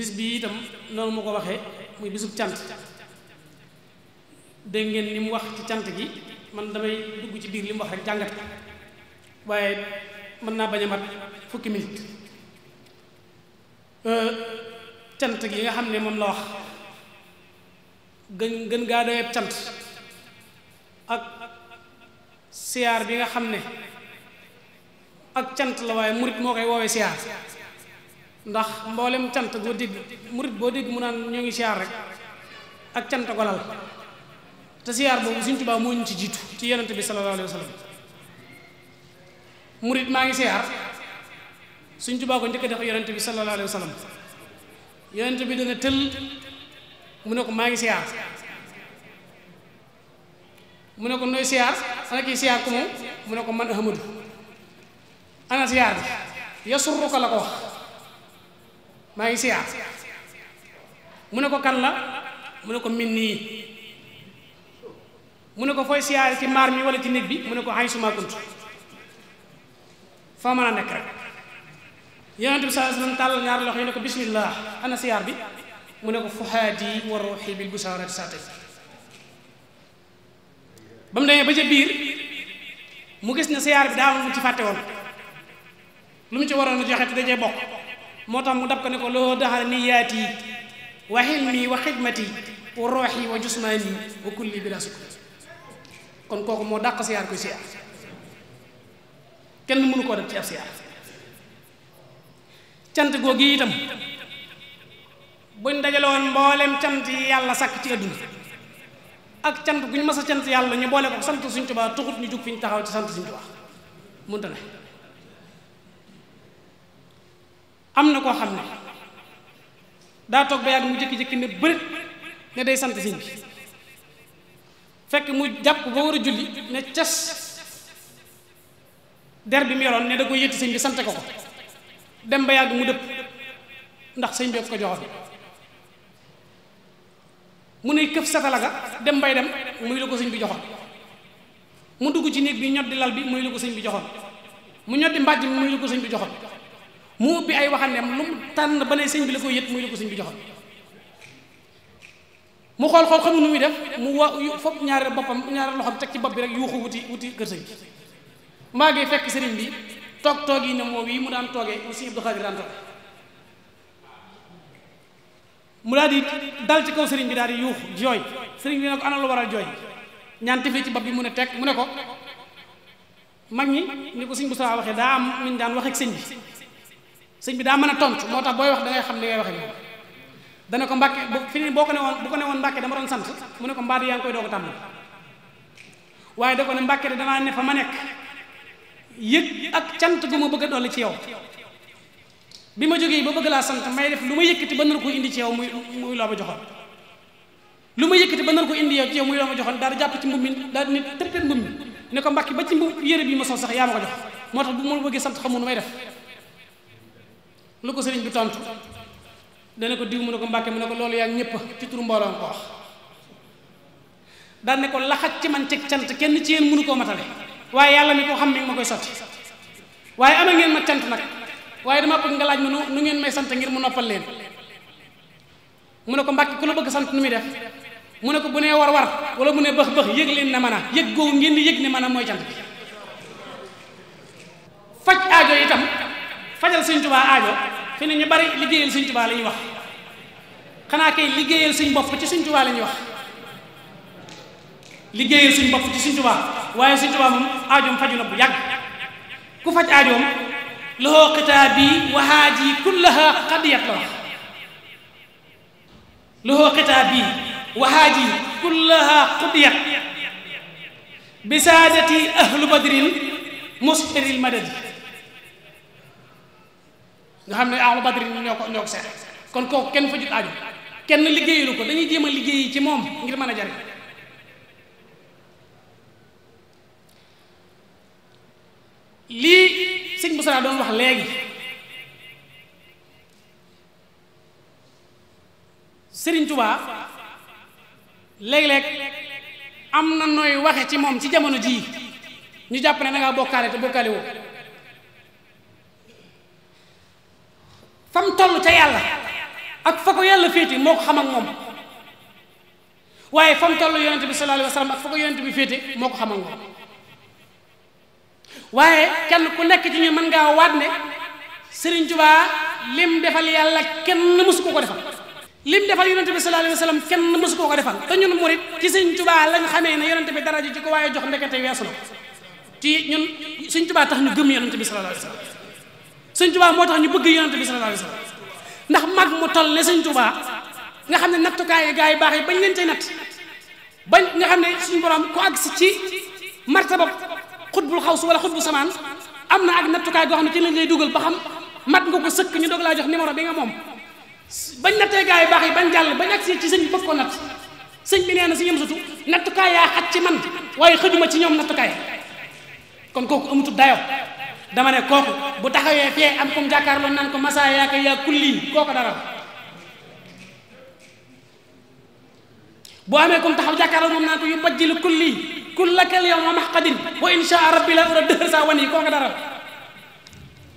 bis bi itam noonu mu ko waxee muy bisub cant dégg ngeen ni wax ci cant gi man damay dugg ci biir li wax rek jàngat waaye mën naa bañ a fukki minute euh, cant gi nga xam ne moom la wax gën gën gaa doyeb cant ak siyaar bi nga xam ne ak cant la waaye murit moo koy woowee siyaar ndax mboolem cant goo dégg murit boo dégg mu naan ñoo ngi siyaar rek ak cant ko lal te siyaar boobu Sëriñ Tuubaa moo ñu ci jiitu ci yonent bi sallallahu alayhi wa sallam murit maa ngi siyaar Sëriñ Tuubaa ko njëkk def yonent bi sallallahu alayhi wa sallam yonent bi dana tël mu ne ko maa ngi siyaar mu ne ko nooy siyaar ana kii siyaar ko moom mu ne ko man Ahmadu ana siyaar bi yasurruka la ko wax maa ngi siyaar mu ne ko kan la mu ne ko min nii mu ne ko fooy siyaare ci maar mi wala ci nit bi mu ne ko xay suma kunt foo mën a nekk rek yonente loxo yi ne ko bismillah ana siyaar bi mu ne ko fuhaadi wa ruuxi bil busaarati saa tey ba mu demee ba ca biir mu gis ne siyaar bi daa am lu mu ci fàtte woon lu mu ci waroon a joxe te dajee bokk moo tax mu dab ko ne ko loo daxal niyaati wa xilmi wa xidmati wa rooxi wa jusmaani wa kulli bila sukk kon kooku moo dàq siyaar koy siyaar kenn mënu koo def ci ab siyaar cant googu itam buñ dajaloon mboolem cant yi yàlla sàkk ci adduna ak cant guñ mas a cant yàlla ñu boole ko sant suñ Tuubaa tuxut ñu jug fi ñu taxaw ci sant suñ Tuubaa mënta ne am ko xamne da tok daa ba yàgg mu jek jek ne bërit ne day sante sin fek mu japp ba wara julli ne cas der bi mu ne da ko yetti sin bi sante ko dem ba mu depp ndax sin bi ko joxone mu ne këf satalaga dem bay dem muy lu ko sin bi joxone mu dugg ci neeg bi di lal bi muy lu ko sin bi joxone mu ñoddi mbàjj bi muy lu ko sin bi joxone mu ubbi ay waxandeem lu mu tànn ba ne sëñ bi la koy yët muy la ko sëñ bi joxoon mu xool xool xamul nu muy def mu wa fopp ñaareel boppam ñaareel loxoom teg ci bopp bi rek yuuxu wuti wuti kër sëñ bi maa ngi fekk sëriñ bi toog toog yi ne moo wii mu daan toogee mu sëñ Abdou Khadir daan toog dal ci kaw sëriñ bi daal di yuuxu jooy sëriñ bi ne ko ana lu waral jooy ñaan tifli ci bopp bi mu ne teg mu ne ko mag ñi ni ko sëñ bu saa waxee daa am ñu daan wax ak sëñ bi sëñ bi daa mën a tontu moo tax booy wax da ngay xam li ngay waxe moom dana ko mbàkke bu fi boo ko ne woon ko ne woon mbàkke dama doon sant mu ne ko mbaa di yaa ngi koy doog a waaye da ko ne mbàkke ne fa ma nekk yëg ak cant gu ma bëgg a dolli ci yow bi ma jógee ba bëgg laa sant may def lu ma yëkkati ba nar ko indi ci yow muy muy loo ma joxoon lu ma yëkkati ba nar ko indi yow ci yow muy loo ma joxoon daal di jàpp ci mbubb ne tëppee mbubb mi ne yére bi ma sol sax yaa ma ko jox moo tax bu ma bëggee sant xamul nu may def lu ko serigne bi tontu dana ko diw mu ko mbàkke mu ko lolou yak ñepp ci turu mbolam ko wax dal ne ko laxaj ci man ci cant kenn ci yeen mënu ko matale waye yalla mi ko xam mi ma koy soti waye ama ngeen ma cant nak waye dama bëgg nga laaj nu nu ngeen may sant ngir mu noppal leen mu ko mbàkke ku lu bëgg sant nu mi def mu ko bu war war wala mu ne bëx bëx yegg leen na mana yegg go ngeen yegg ne cant itam fajal sëñ tubaa aajo fi ne ñu bari liggéeyal sëñ tubaa la ñuy wax xanaa kay liggéey suñ bopp ci sëñ tubaa la ñuy wax suñ bopp ci sëñ tubaa waaye sëñ tubaa moom aajoom faju la bu yàgg ku faj aajoom loxoo xitaab bi waxaaj yi kullaha xadiyat la wax loxoo xitaab bi waxaaj yi kullaha xadiyat bisaadati ahlu badrin musiril madadi nga xam ne ahlu badri ñi ñoo ko ñoo ko seet kon kooku kenn fajut aju kenn liggéeyalu ko dañuy jéem a liggéey ci moom ngir mën a jariñ lii sëñ Moussa doon wax léegi Sëriñ Tuubaa léeg-léeg am na nooy waxe ci moom ci jamono jii ñu jàpp ne da ngaa bokkaale te bokkaale woo fa mu ca yàlla ak fa ko yàlla féete moo ko xam ak moom waaye fa mu yonent bi sallallahu alayhi wa sallam ak fa ko yonent bi féete moo ko xam ak moom waaye kenn ku nekk ci ñu mën ngaa waat ne Serigne Touba lim defal yàlla kenn mësu ko ko defal lim defal yonent bi sallallahu alayhi wa sallam kenn mësu ko ko defal te ñun murit ci Serigne Touba lañ xamee ne yonent bi dara ji ci ko waaye jox ndekete weesu na ci ñun Serigne Touba tax ñu gëm yonent bi sallallahu alayhi sëñ tubaa moo tax ñu bëgg yonante bi sallallahu alayhi wasallam ndax mag mu toll ne sëñ tubaa nga xam ne nattukaay yi gaa yi baax yi bañ leen cay natt bañ nga xam ne suñu borom ku agsi ci martaba xutbul xaw su wala xutbu samaan am na ak nattukaay goo xam ne ci lañ lay dugal ba xam mat nga ko sëkk ñu doog laa jox numéro bi nga moom bañ nattee gaa yi baax yi bañ jàll bañ agsi ci sëñ bëgg ko natt sëñ bi nee na si ñoom nattukaay yaa xat ci man waaye xëjuma ci ñoom nattukaay kon kooku amutu dayo dama ne kooku bu taxawee fee am comme jàkkaarloo naan ko masa yaa ko yaa kulli kooku dara boo amee comme taxaw jàkkaarloo moom naan ko yu bajjilu kulli kullakal yow ma maxqadin wa insha rabbi la saa wani kooku dara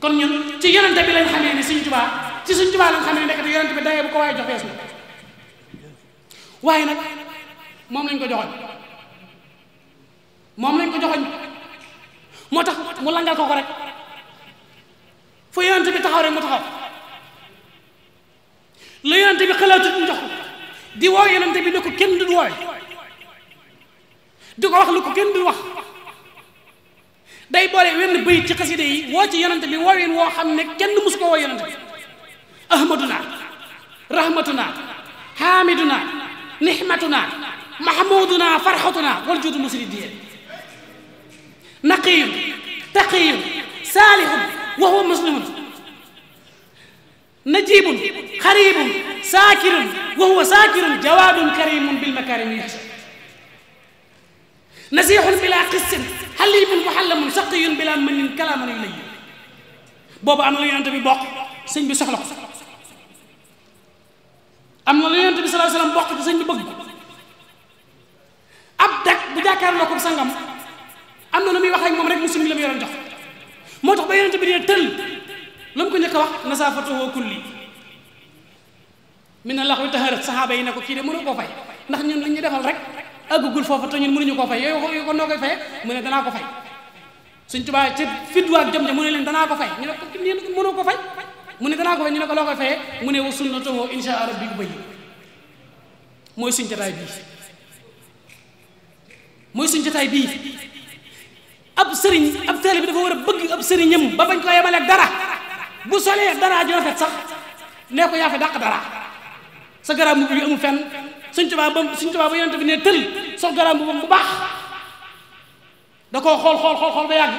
kon ñun ci yonente bi lañ xamee ne ci suñ tubaa lañ xamee ne ndekete yonente bi dayee bu ko waaye joxees na waaye nag moom lañ ko joxoñ moom lañ ko joxoñ moo tax mu langal ko ko rek fa yonent bi taxaw rek mu taxaw la yonent bi xalaatut njox di woo yonent bi ne ko kenn du ko wax day boole wenn bayit ci xaside yi woo ci yonent bi woo ween woo xam ne kenn musu ko woo yonent bi ahmaduna rahmatuna hamiduna nihmatuna mahmuduna farxatuna wal juudu musiri diye نقي تقي صالح وهو مسلم نجيب قريب ساكر وهو ساكر جواب كريم بالمكارم يحشى نزيح بلا قس حليب محلم سقي بلا من كلام إلي بابا أنا لا ينتبه بوق سيني بي سخلق ام لا ينتبه صلى الله عليه وسلم بوق سيني بي بغ أبدك جاكار لكم سانغام am na lu muy wax ak moom rek mu summi la mu yoroon jox moo tax ba yonente bi dina tël lu mu ko njëkk a wax nasaafatuhu kulli min na lax wi taharat saxaaba yi ne ko kii de koo fay ndax ñun li ñu defal rek àggugul foofu te ñun mënuñu koo ko noo koy faye mu ne danaa ko fay suñ tubaab ci fitwaak jom ja mu ne leen danaa ko fay ñu ne ko mënoo ko fay mu ne danaa ko fay ñu ne ko loo koy mu ne wa sunnatuhu insha rabbi ubay mooy suñ jotaay bii mooy suñ jotaay bii ab serigne ab bi dafa wara bëgg ab sëriñam ba bañ ko yemale ak dara bu solee dara ju rafet sax nee ko ya fi dak dara sa garam bu amu fenn suñ tubaa ba suñ tubaa bu yonente bi ne teul sol garam bu bu baax da ko xol xol xol xol ba yag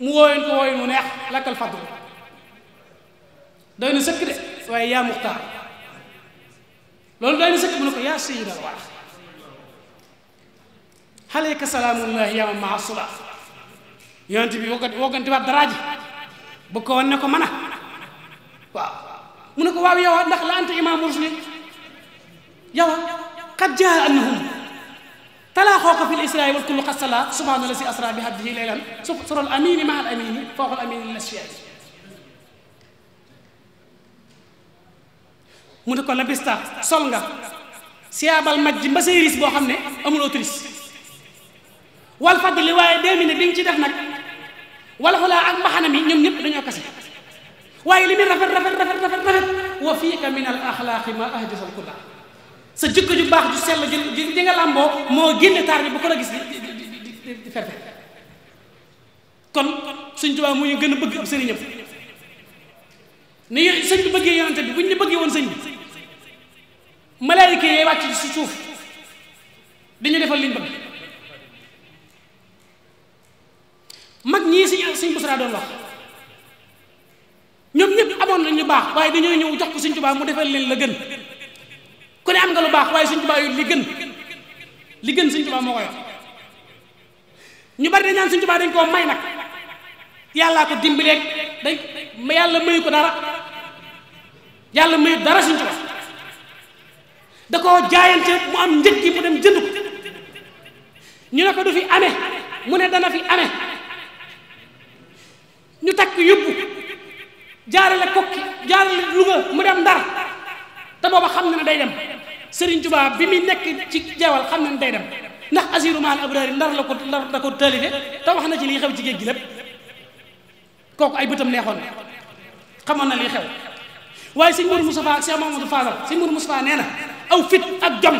mu wooyoon ko wooyoon mu neex lakal faddu doyna sekk de waaye ya muxtar lolou doyna sekk mu ne ko yaa sayyidal wara عليك السلام الله يا معصلا يانتي بي وكنت وكنت با دراجي بكون نكو منا وا منكو واو يوا ندخ لا انت امام مرسل يوا قد جاء انهم تلا خوك في الاسراء والكل قصلا سبحان الذي اسرى بهذه ليلا سر الامين مع الامين فوق الامين المشيات منكو لبستا سولغا سيابال مجي مسيريس بو خامني امول اوتريس wal fadli waaye deux minutes bi ñu ci def nak wal xulaa ak mahana mi ñom ñep dañu kasse waye limi rafet rafet rafet rafet rafet wa fika min al akhlaq ma ahdisa al kulla sa jikko ju bax ju sel ju di nga lambo mo genn tar bi bu ko la gis di fer fer kon suñ tuba mu ñu gën bëgg ab sëriñam ni sëñ bi bëggee yonante bi buñ ni bëggee woon sëñ bi malaayika yi wacc ci suuf dañu defal liñ bëgg ñii si sëñ Busra doon wax ñoom ñëpp amoon nañ lu baax waaye dañoo ñëw jox ko sëñ Tuubaa mu defal leen la gën ku ne am nga lu baax waaye sëñ Tuubaa yu li gën li gën sëñ Tuubaa moo ko yor ñu bari dañ naan sëñ Tuubaa dañ koo may nag ko dañ yàlla mayu ko dara yàlla mayu dara sëñ da koo jaayante mu am mu dem jënd ko ñu ne ko du fi amee mu ne dana fi amee ñu takk la jaarale kokki jaarale Louga mu dem Ndar te booba xam na ne day dem Serigne Touba bi muy nekk ci jeewal xam na ne day dem ndax asiru maal abrari ndar la ko ndar la ko taalife te wax na ci li xew ci géej gi lépp kooku ay bëtam neexoon xamoon na li xew waaye sëñ Mourou Moustapha ak Cheikh Mamadou Fadal sëñ Mourou Moustapha nee na aw fit ak jom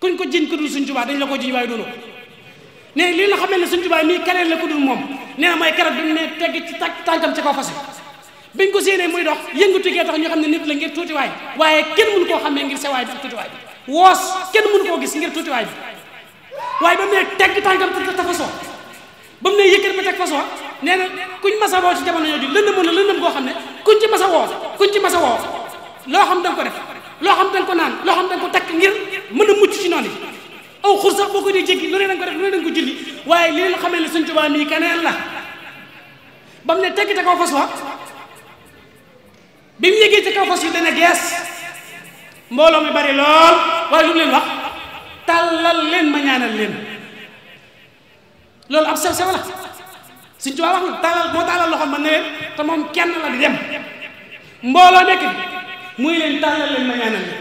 kuñ ko jiñ ko dul Sëñ dañ la ko jiñ waaye doonoo ne lii la xamee ne Sëñ Tuubaa mii keneen la ko dul moom nee na mooy keroog bi mu ne tegg ci tànkam ci kaw fas biñ ko séenee muy dox yëngatu gee tax ñu xam ne nit la ngir tuutiwaay waaye kenn mënu koo xamee ngir sewaay bi ak tuutiwaay bi woos kenn mënu koo gis ngir tuutiwaay bi waaye ba mu ne tegg tànkam te fasoo ba mu ne yëkkat ba teg fasoo nee na kuñ masa woo ci jamono yooyu lëndëmoon na lëndëm koo xam ne kuñ ci masa woo kuñ ci masa loo xam da nga loo xam da ko naan loo xam ko takk ngir mën a mucc ci noonu aw xur sax boo ko dee jéggi lu ne danga ko def lu ne danga ko julli waaye li leen xam ne suñ tubaab mii keneen la ba mu ne tekki te kaw fas wa bi mu yëgee gees mbooloo mi bari lool waaye lu mu leen wax tàllal leen ma ñaanal leen loolu ab sew sew la suñ tubaab wax na tàllal moo tàllal loxo ma ne te moom kenn la di dem mbooloo nekk muy leen tàllal leen ma ñaanal leen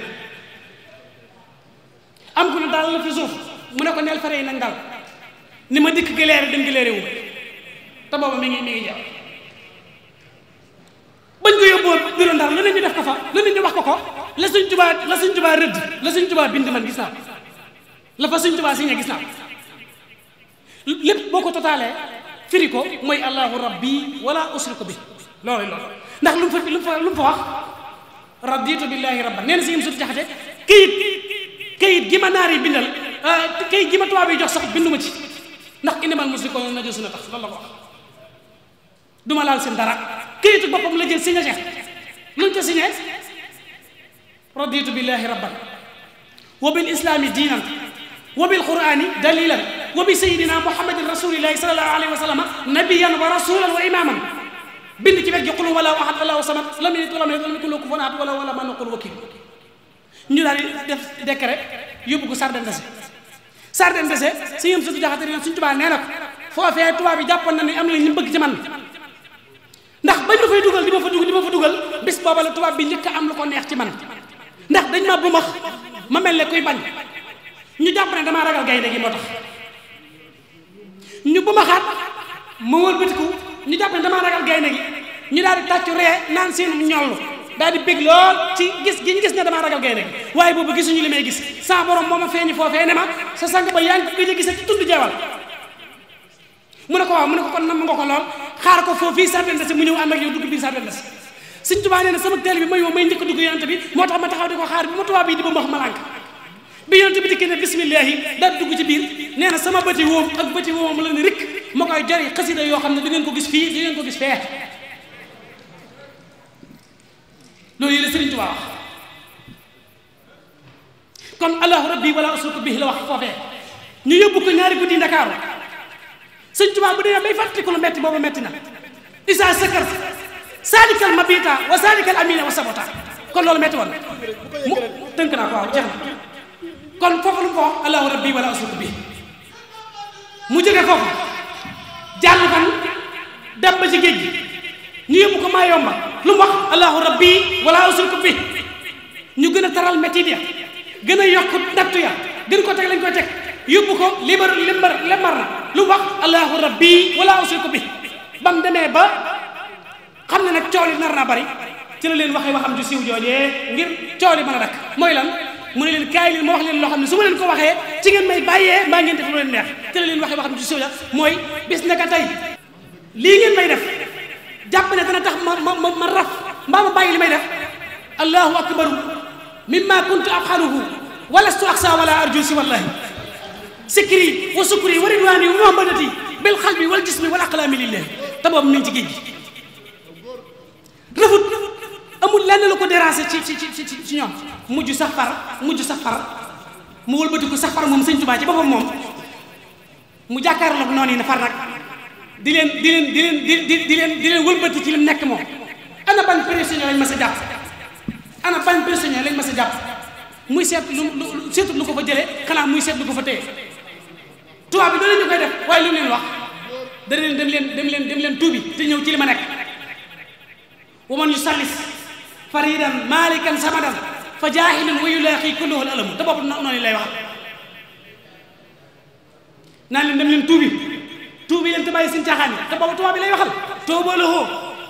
am ko na dal na fi suuf mu ne ko neel fere yi nañ dal ni ma dikk gëleere dem gëleere wu ta bobu mi ngi mi ngi jàpp bañ ko yóbboo biro ndar lu ne ñu def ko fa lu ne ñu wax ko ko la suñ tubaa la suñ tubaa redd la suñ tubaa bind man gis na la fa suñ tubaa signé gis na lepp boko totalé totalee firi ko mooy allahu rabbi wala usriku bi loolu loolu ndax lu fa lu fa lu fa wax raditu billahi rabban neen na si im sut jaxate kayit كيد جيما ناري بلال كيد جيما توابي جو صاحب بلو مجي نخ إنما المسلقون نجو سنة تخص الله وقت دوما لال سن دارا كيد تبقى ملجل سنة جه لن تسنة رضيت بالله ربا وبالإسلام دينا وبالقرآن دليلا وبسيدنا محمد رسول الله صلى الله عليه وسلم نبيا ورسولا وإماما بنتي بك يقول ولا أحد الله وصمت لم يلد ولم يلد ولم يكن له كفوا أحد ولا ولا من يقول وكيل ñu daal di def décret yóbbu ko Sardin Bessé Sardin Bessé si yëm suñu jaxate suñu tubaab nee na ko foofee tubaab yi jàppoon na ni am na ñu bëgg ci man ndax bañ ma ma fa dugal di ma fa dugal bis booba la tubaab bi njëkk am lu ko neex ci man ndax dañ ma bu max ma mel ne kuy bañ ñu jàpp ne damaa ragal gaynde gi moo tax ñu bu ma xaat ma ko ñu jàpp ne damaa ragal gaynde gi ñu daal di tàccu ree naan seen ñollu daal di bég lool ci gis gi ñu gis ne damaa ragal gaynde gi waaye boobu gisuñu li may gis sa borom moo ma feeñi foofee ne ma sa sang ba yaa ngi a gise ci tund ne ko ko kon nam nga ko lool xaar ko foofii sardel si mu ñëw ànd ak yow bi moo tax ma taxaw di ko xaar bi ma tubaab bi di ba ma bi ne bisimillahi daal dugg ak bëti woom la ne rikk ma koy jari xasida yoo xam ne di ngeen ko gis fii di ngeen ko gis fee loolu yi la Sëriñ Tuubaa wax kon allahu rabbi wala asuku bihi la wax foofee ñu yóbbu ko ñaari guddi ndakaaru Sëriñ Tuubaa bu dee bay fàttaliku lu metti boobu metti na isa sakar salikal mabita wa salikal amina wa kon loolu metti woon mu tënk naa ko waaw jeex na kon foofu lu mu allahu rabbi wala asuku bihi mu jóge foofu jàll fan dem ba ci géej gi ñu yóbbu ko maa yomba lu mu wax allahu rabbi wala usriku bi ñu gën a taral métit ya gën a yokk nattu ya gën ko teg lañ koy teg yóbbu ko libar limbar lembar na lu wax allahu rabbi wala usriku bi ba mu demee ba xam ne nag coow li nar naa bari ci la leen waxee waxam ju siiw joojee ngir coow li mën a mooy lan mu ne leen kaay leen ma wax leen loo xam ne su ma leen ko waxee ci ngeen may bàyyee mbaa ngeen def lu leen neex ci la leen waxee waxam ju siiw ja mooy bis naka tey lii ngeen may def jàpp ne tax ma ma ma ma raf mbaa ma bàyyi li may def allahu akbaru mimma kuntu afxaluhu walastu aksa wala arju si wallahi sikri wa sukri wa ridwaani wa muhammadati bil xalbi wal jismi wal aqlaami lillah te boobu mi ci géej gi rëfut amul la ko déranger ci ci ci ci ñoom mujj sax far mujj sax far mu wëlbatiku sax far moom sëñ Tuubaa ci boppam moom mu jàkkaarloog noonu yi ne far nag di leen di leen di leen di di leen di leen wëlbati ci li nekk moom ana ban prisonnier lañ ma sa jàpp ana ban prisonnier lañ ma sa jàpp muy seet lu seetut lu ko fa jëlee xanaa muy seet lu ko fa téye tubaab bi danañu koy def waaye lu leen wax dana leen dem leen dem leen dem leen tuubi te ñëw ci li ma nekk wa man yusallis faridan malikan samadan fa jaahilun wa laa kulluhu al alamu te bopp noonu lay wax naan leen dem leen tuubi tuubi leen te bàyyi seen caaxaan yi te boobu tubaab bi lay waxal tuuba lahu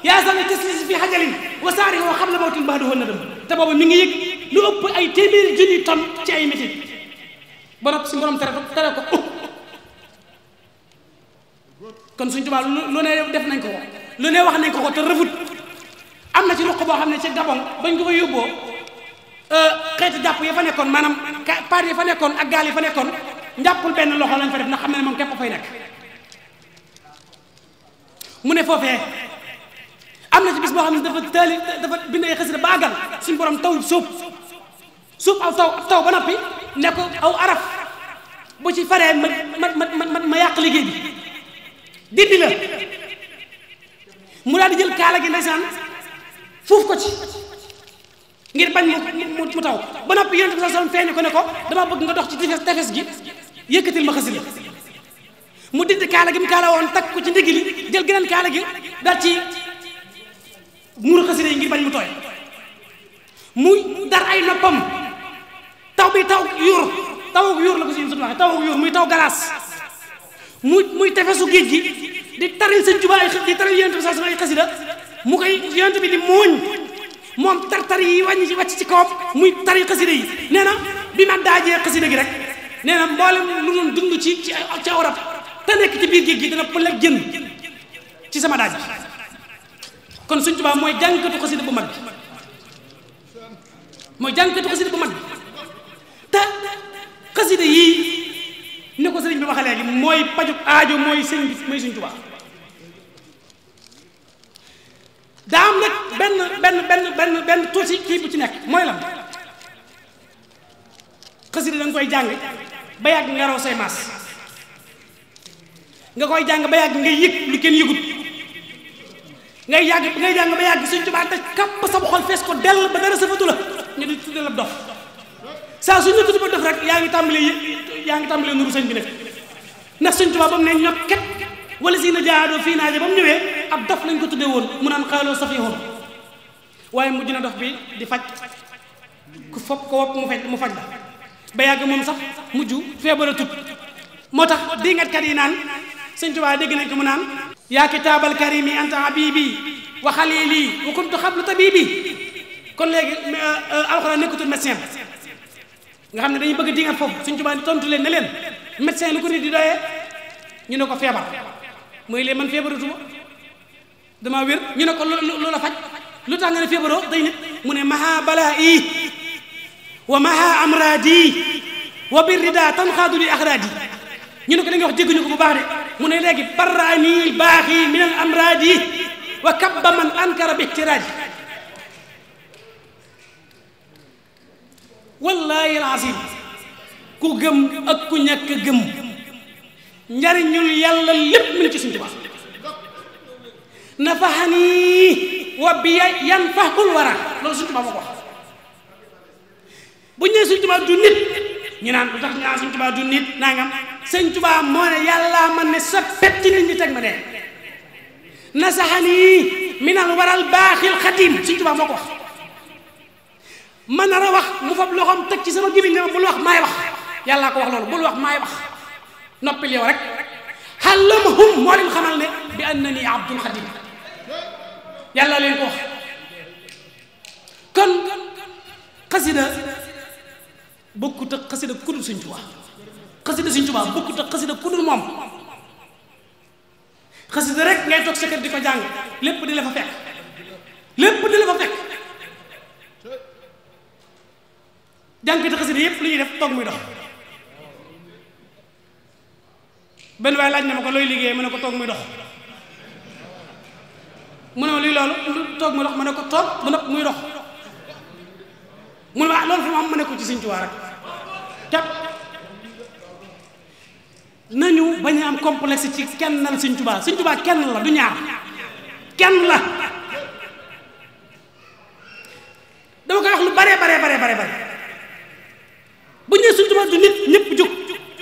yaa sami taslis fi xajalin wa saari woo xam la mawtin baax doon na dem te boobu mi ngi yëg lu ëpp ay téeméeri junni tonne ci ay métit ba nopp si tere tere ko kon suñ tubaab lu ne def nañ ko ko ne wax nañ ko ko te rëfut am na ci ruq boo xam ne ci Gabon bañ ko fa yóbboo euh, xeeti jàpp ya fa nekkoon maanaam par ya fa nekkoon ak gaal yi fa nekkoon njàppul benn loxo lañ fa def ndax xam ne moom képp fay nekk mune fofé amna ci bis bo xam dafa tali dafa bind ay xasida ba sun borom taw suuf suuf aw taw taw ba nopi ne ko aw araf bu ci faré ma ma ma ma yàq ligé bi dindi la mu daal jël kala gi ndaysan fuuf ko ci ngir bañ mu mu taw ba nopi yonent bi sa son wasallam ko ne ko dama bëgg nga dox ci tefes tefes gi yëkëtil ma xasida mu dind kala gi mu kala won tak ko ci ndigili jël gënal kala gi dal ci muur xasida ngir bañ mu toy mu dar ay noppam taw bi taw yuur taw yuur la ko ci sun taw yuur muy taw galas mu muy tefesu geej gi di taril señ juba ay di taril yonent sa sama ay xasida mu koy yonent bi di mooñ tartar yi wañ ci wacc ci muy tari xasida yi neena bi xasida gi rek neena mbolam lu ñu dund ci ci ci te nek ci bir géej gi dana pël ak ci sama daj kon suñ tubaab moy jankatu khassida bu mag moy jankatu khassida bu mag ta khassida yi ne ko sëriñ bi waxale gi moy pajuk aajo moy sëñ bi moy suñ tubaab da am nak ben ben ben ben ben tosi ki bu ci nek moy lam khassida dang koy jang ba yàgg ngaro say mass nga koy jang ba yag nga yek lu ken yegut ngay yag ngay jang ba yag suñu tuba taj kap sa xol fess ko del ba dara safatu la ñu di tuddee la dof sa suñu tuba dof rek yaangi ngi yaangi yaa nuru señ bi nek nak suñu tuba bam ne ñok ñokket wala si na fi na naaje ba mu ab dof lañ ko tuddee woon mu nan xalo safihoon waye mu dina dof bi di fajj ku fop ko wop mu fajj mu fajj ba yag mom sax muju febaratut motax di ngat kat yi nan sëñ Tuubaa dégg nañ ko mu naan yaa kitaabal karimi anta habibi wa xalili wa kuntu xablu tabibi kon léegi euh, euh, alxuraan nekkatul médecin nga xam ne dañu bëgg dinga foofu sëñ Tuubaa tontu leen ne leen médecin lu ko nit di ñu ne ko feebar mooy leen man feebaratuma dama wér ñu ne ko lu la faj lu tax nga ne feebaroo day nit mu ne maha balaa ii wa maha amraadi wa birrida tanxaadu li axraadi ñu ne ko da nga wax jégguñu ko bu baax de mune legi parani bahi min al amradi wa kabba man ankara bi wallahi al azim ku gem ak ku ñàkk gem ñari ñul yalla lepp min ci suñ tubaab nafaxani wa bi yan wara lo suñ tuba wax bu ñe suñ tuba du nit ñu naan lu tax ñu naan sëñ tubaa du nit nangam sëñ tubaa moo ne yàllaa man ne sa pet ci nit ñi teg ma dee nasaxanii minal waral baaxil xatim sëñ tubaa moo ko wax man wax mu fab loxoom teg ci sama gémmiñ ne ma bul wax maay wax yàllaa ko wax loolu bul wax maay wax noppil yow rek xalamahum moo leen xamal ne bi a abdul xatim yàlla leen ko wax kon xasida bokkut ak xasida ku dul Sëñ Tuubaa xasida Sëñ Tuubaa bokkut ak xasida ku dul moom xasida rek ngay toog sa di ko jàng lépp di la fa fekk lépp di la fa fekk jànkati xasida yépp lu ñuy def toog muy dox benn waaye laaj na ma ko looy liggéey mu ne ko toog muy dox mu ne ma luy toog muy dox mu ne ko toog mu muy dox mu ne ma ah, loolu fu mu am ko ci Sëñ Tuubaa rek képp nañu bañ am complexe ci kenn kennal seigne touba seigne touba kenn la du ñaar kenn la dama ko wax lu bare bare bare bare bare bu ñe seigne touba du nit ñepp juk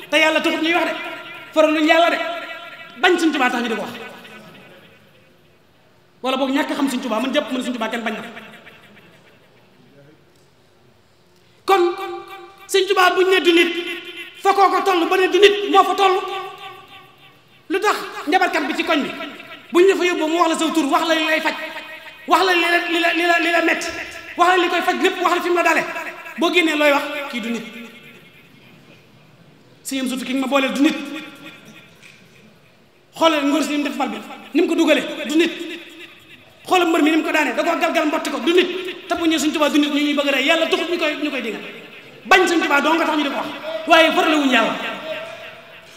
te yalla taxut ñuy wax de faral lu yalla de bañ seigne touba tax ñu di ko wax wala bok ñak xam seigne touba man jep man seigne touba kenn bañ na kon seigne touba buñ né du nit fa ko ko tollu ba né du nit mo fa tollu lutax njabar kat bi ci koñ bi buñ la fa yobbu mo wax la saw tour wax la li lay fajj wax la li li li la metti wax la li koy faj wax la fi mu dalé dale génné loy wax ki du nit seigne surtout ki ma bolé du nit xolal ngor si def bal bi nim ko dugalé du nit xolal mbër mi nim ko daané da koo galgal mbott ko du nit ta bu ñu seigne touba du nit ñuy bëgg ray yalla koy bañ señ tuba do nga tax ñu di wax waye farale wuñ yalla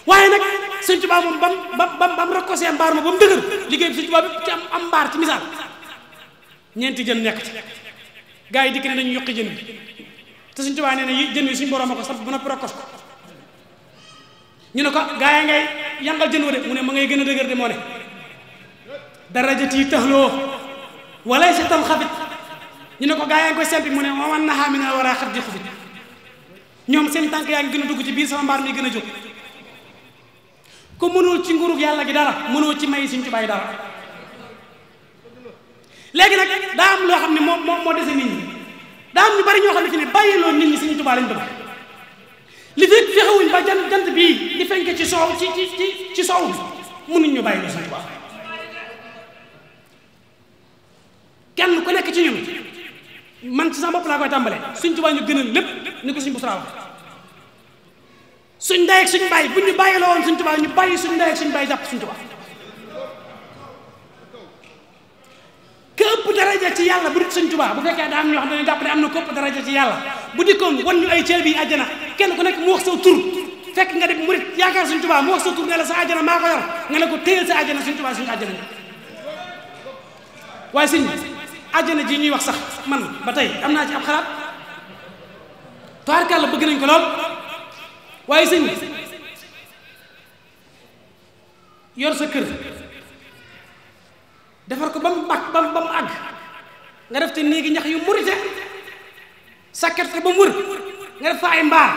waye nak señ tuba moom bam bam bam rakko mbaar ma ba mu dëgër liggéey bi sëñ tubaa bi ci am am mbaar ci misal ñenti jën nekk ci gaay yi dikk ne dañu yokki jën bi te señ tuba neena na jën wi suñ borom ko sax bu nopi rakko ko ñu ne ko gaay ngay yangal jën wa de mu ne ma ngay gëna deugur de mo ne darajati taxloo walay sa tam xafit ñu ne ko gaay ngay ko sempi mu ne wa man naha min al a xat di xufit ñoom seen tànk yaa ngi gën a dugg ci biir sama mbaar mi gën a jóg ku mënul ci nguru yàlla gi dara mënoo ci may suñ tubaay dara léegi nag daa am loo xam ne moo moo moo dese nit ñi daa am ñu bari ñoo xam ne ci ne bàyyi loon nit ñi suñu tubaa lañ bëgg li fi fexewuñ ba jant jant bii di fenk ci soow ci ci ci ci soow bi mënuñ ñu bàyyi loon suñu tubaa kenn ku nekk ci ñun man ci sama bop la koy tambalé suñ tuba ñu gënal lepp ni ko suñ bu sara wax suñ ndey ak suñ bay buñu ñu bàyyi la woon suñ tuba ñu bàyyi suñ ndey ak suñ bay japp suñ tuba ka ëpp daraja ci yalla bu dit suñ tuba bu fekké da am ñoo xam dañu japp ne am na ko ëpp daraja ci yalla bu dikkoon won ñu ay ceeb bi aljana kenn ku nek mu wax sa tour fekk nga dem mourid yaakaar suñ tuba mu wax sa tour ne la sa aljana mako yor nga ne ko teyel sa aljana suñ tuba suñ aljana way suñ àjjana ji ñuy wax sax man ba tey am naa ci ab xalaat tubaarkàlla bëgg nañ ko lool waaye sëñ yor sa kër defar ko ba mu mag ba mu àgg nga def te néegi ñax yu murite sàkket ko ba mu wër nga def fa ay mbaar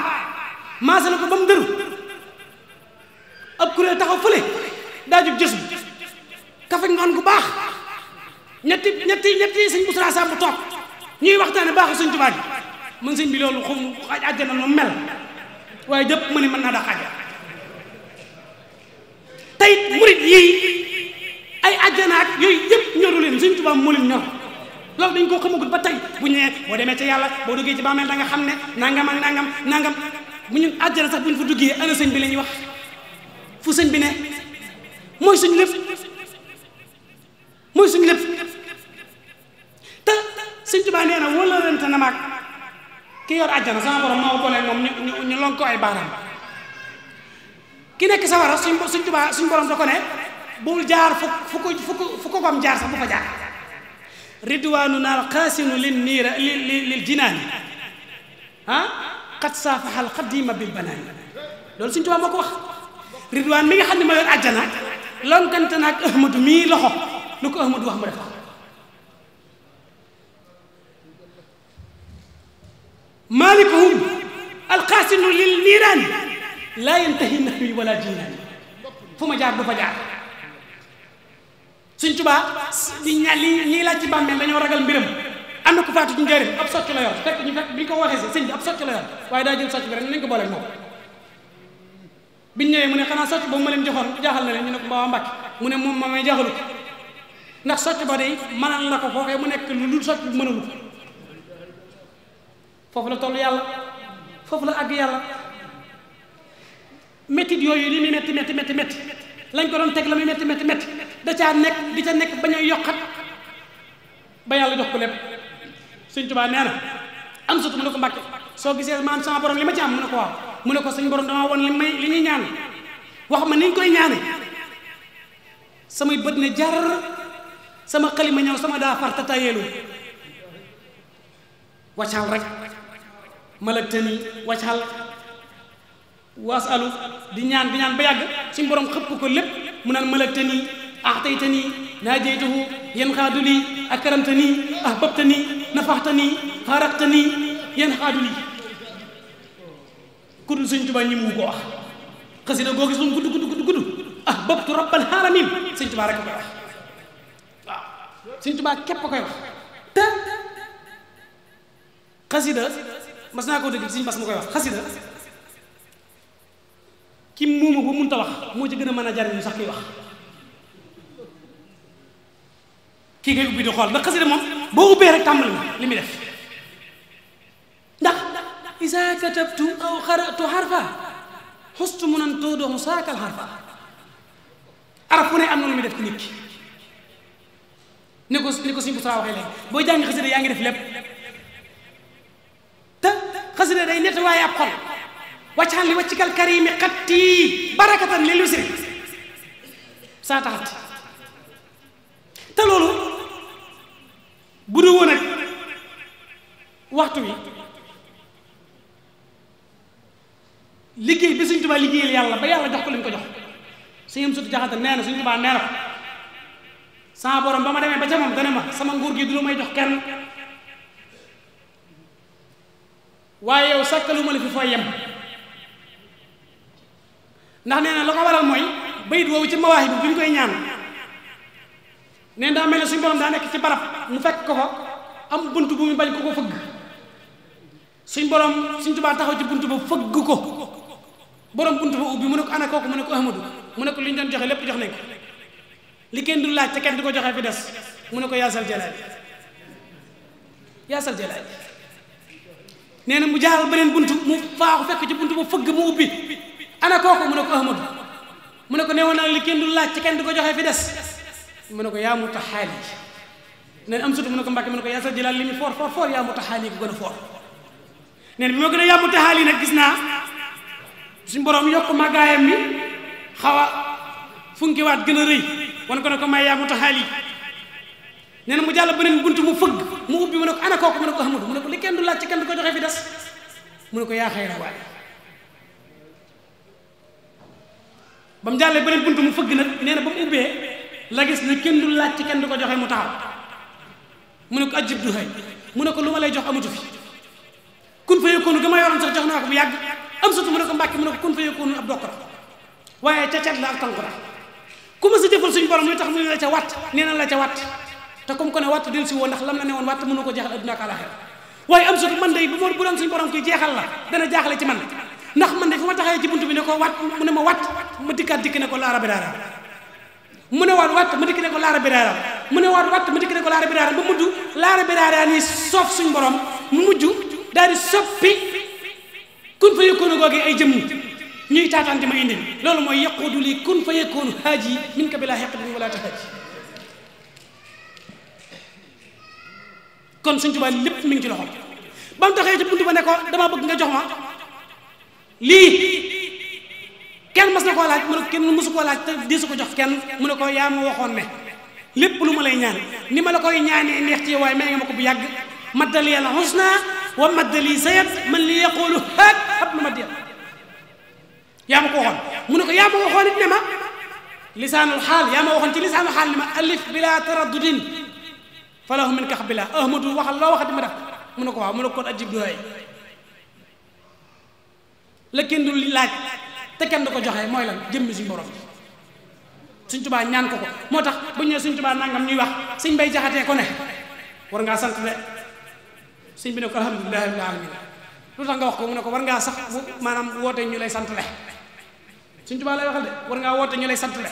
maase na ko ba mu dëru ab kuréel taxaw fële daa jub jës bi kafañ ngoon gu baax ñetti ñetti ñetti sëñ Moussa Samb toog ñuy waxtaane baaxu sëñ Tuubaa ji man sëñ bi loolu xaw ma àjjana nu mel waaye jëpp ma ni mën naa daa àjjana tey murit yii ay àjjana ak yooyu yëpp ñoru leen sëñ Tuubaa moo leen ñor loolu dañ koo xamagul ba tey bu ñëwee moo demee ci yàlla boo duggee ci bàmmeel da nga xam ne nangam ak nangam nangam mu ñu àjjana sax buñ fa duggee ana sëñ bi la ñuy wax fu sëñ bi ne mooy suñ lépp mooy suñ lépp sëñ Tuubaa neena na wëlërante na mak ki yor aljana sama borom ko len mom ñu ñu lon ko ay baram ki nekk sawara suñ suñ Tuubaa suñ borom da ko ne bul jaar fu fu ko fu ko gom jaar sa bu ko jaar ridwaanu naal xaasinu lin nira lil jinan ha ah safaha al qadim bil banan lol suñ Tuubaa mako wax ridwan mi nga xamni ma yor kan tan ak ahmadu mi loxo lu ko ahmadu wax mu def maalikuhum alxaasinu lil niiraan laa yantahi nahwi wala jinaan fu ma jaar du fa jaar suñ tubaa li ña li ñii laaj ci bàmmeel dañoo ragal mbiram am na ku faatu ci njëriñ ab socc la yor fekk ñu fekk bi ñu ko waxee si sëñ bi ab socc la waaye daa jël socc bi rek nañ ko moom biñ ñëwee mu ne xanaa socc boobu ma leen joxoon jaaxal na leen ñu ne ko mbaa mbàkk mu ne moom ma may jaaxalu ko ndax socc ba day mënal na ko foofee mu nekk lu dul socc bi fofu la tollu yalla fofu la ag yalla metti yooyu li muy metti metti metti métti lañ ko don tek la metti metti metti da ca nek di ca nek bañ yokkat ba yalla dox ko lepp seigne touba neena am sutu mu ko mbacke so gisee man sama borom lima ci am mu ne ko wa mu ne ko seigne borom dama won limay li ñaan wax ma ni koy ñaané samay beut ne jar sama xalima ñaw sama da far tatayeelu waccaal rek malaktani wajhal wasalu di ñaan bi ñaan ba yàgg suñ borom xëpp ko lépp mu naan malaktani ahtaytani naajeytuhu yan xaadu lii akramtani ahbabtani nafaxtani xaraqtani yan xaadu lii ku dul sëñ Tuubaa ñi mu ko wax xasida googu suñ gudd gudd gudd gudd ahbabtu rabbal alamin sëñ Tuubaa rek koy wax waaw sëñ Tuubaa képp koy wax te xasida mas naa koo dégg sëñ Bass mu koy wax xasida ki muuma bu munta wax moo ci gën a mën a jariñu sax kiy wax kii ngay ubbi di xool ndax xasida moom boo ubbee rek tàmbali na li muy def ndax isa katabtu aw xaratu xarfa xustu mu nan too doomu saakal xarfa arab fu ne am na lu muy def ci nit ki ni ni ko suñu bu saa waxee léegi booy jàngi xasida yaa ngi def lépp te xasida day nettoyé ab xol waccal li kal karimi khatti barakatan lil usri saa taxat te lolu budu du waxtu wi liggey bi seigne touba liggeyal yalla ba yalla jox ko lim ko jox seigne sutu jaxata neena seigne touba neena sa borom bama ma ba ca mom dana ma sama nguur gi du jox kenn waye yow sàkkaluma la fi foo yem ndax neena la nga waral moy bayit wo ci mawahib buñ koy ñaan ne nda mel suñu borom da nek ci barap mu fekk ko fa am buntu bu mi bañ ko ko fegg suñu borom suñu tuba taxaw ci buntu bu fegg ko borom buntu bu ubi mu ne ko ana kooku mu ne ko ahmadu mu ne ko liñ doon joxe lepp jox nañ ko li kenn du laaj ca kenn du ko joxe fi dess mu ne ko yaasal jalaal yaasal jalaal nee na mu jaaral beneen buntu mu faaxu fekk ci buntu ba fëgg mu ubbi ana kooku mu ne ko ahmadu mu ne ko nee woon naa li kenn du laaj ci kenn du ko joxee fi des mu ne ko yaa mu taxaali nee na am sutu mu ne ko mbàkke mu ne ko yaa sa jëlaal li mi foor mu taxaali a foor nee na ma gën a yaa mu taxaali nag gis naa suñu borom yokk màggaayam mi xaw a funkiwaat gën a rëy wan ko ne ko may yaa mu taxaali nee mu jàll beneen bunt mu fëgg mu ubbi mu ne ko ana kooku mu ne ko Ahmadu mu ne ko li kenn du laaj ci kenn du ko joxe mu ne ba mu jàllee fëgg nag nee ba mu la gis ne kenn du laaj ci kenn du ko joxe mu taxaw mu ne ko ajib du hay mu ne ko lu ma lay jox amatu fi kun fa yëkkoonu ga ma yoroon jox naa ko bu yàgg am sutu mu ne ko mbàkki mu ne ko kun fa yëkkoonu ab dokk la waaye ca cat la ak tànku la ku ma sa jëfal suñu borom li tax mu ne la ca wat nee na la ca wat comme que ne wattu del si woon ndax lam la ne woon wattu mënu ko jeexal adduna ak alaxira waaye am sut man day bu la dana de fu ma taxawee ci buntu bi ne ko watt mu ne ma watt ma dikkaat dikk ne ko laara biraara mu ne waat watt ma dikk ne ko laara biraara mu mujj laara biraara ni soof suñu borom mu mujj daal di soppi kun fa yëkkoonu googee ay jëmm ñuy taataante ma indi loolu mooy yaquudu li kun fa yëkkoonu haaj yi min ka bi laa xeq wala taxaaj kon sëñ Tuubaa lépp mi ngi ci loxo bam taxé ci buntu ba ne ko dama bëgg nga jox ma li kenn mas na ko laaj mu ne kenn su ko laaj te di su ko jox kenn mu ne ko ya ma waxon ne lépp lu ma lay ñaan ni ma la koy ñaané neex ci way may nga mako bu yàgg madal al husna wa maddali sayyid man li yaqulu hak hab lu ma diyal ma ko waxon mu ne ko ya ma waxon nit ne ma lisanul hal ya ma waxon ci lisanul hal ne ma alif bila taraddudin falahu min kax billah ahmadu waxal loo waxati ma def mu ne ko waaw mu ne ko kon ajib du laaj te kenn du ko joxe mooy lan jëmmi suñu borom suñ tubaa ñaan ko ko moo tax bu ñëwee suñ tubaa ñuy wax suñ bay jaxatee ko ne war ngaa sant de suñ bi ne ko alhamdulilahi rabbil alamin lu nga wax ko ne ko war ngaa sax maanaam woote ñu lay sant le suñ tubaa lay waxal de war ngaa woote ñu lay sant le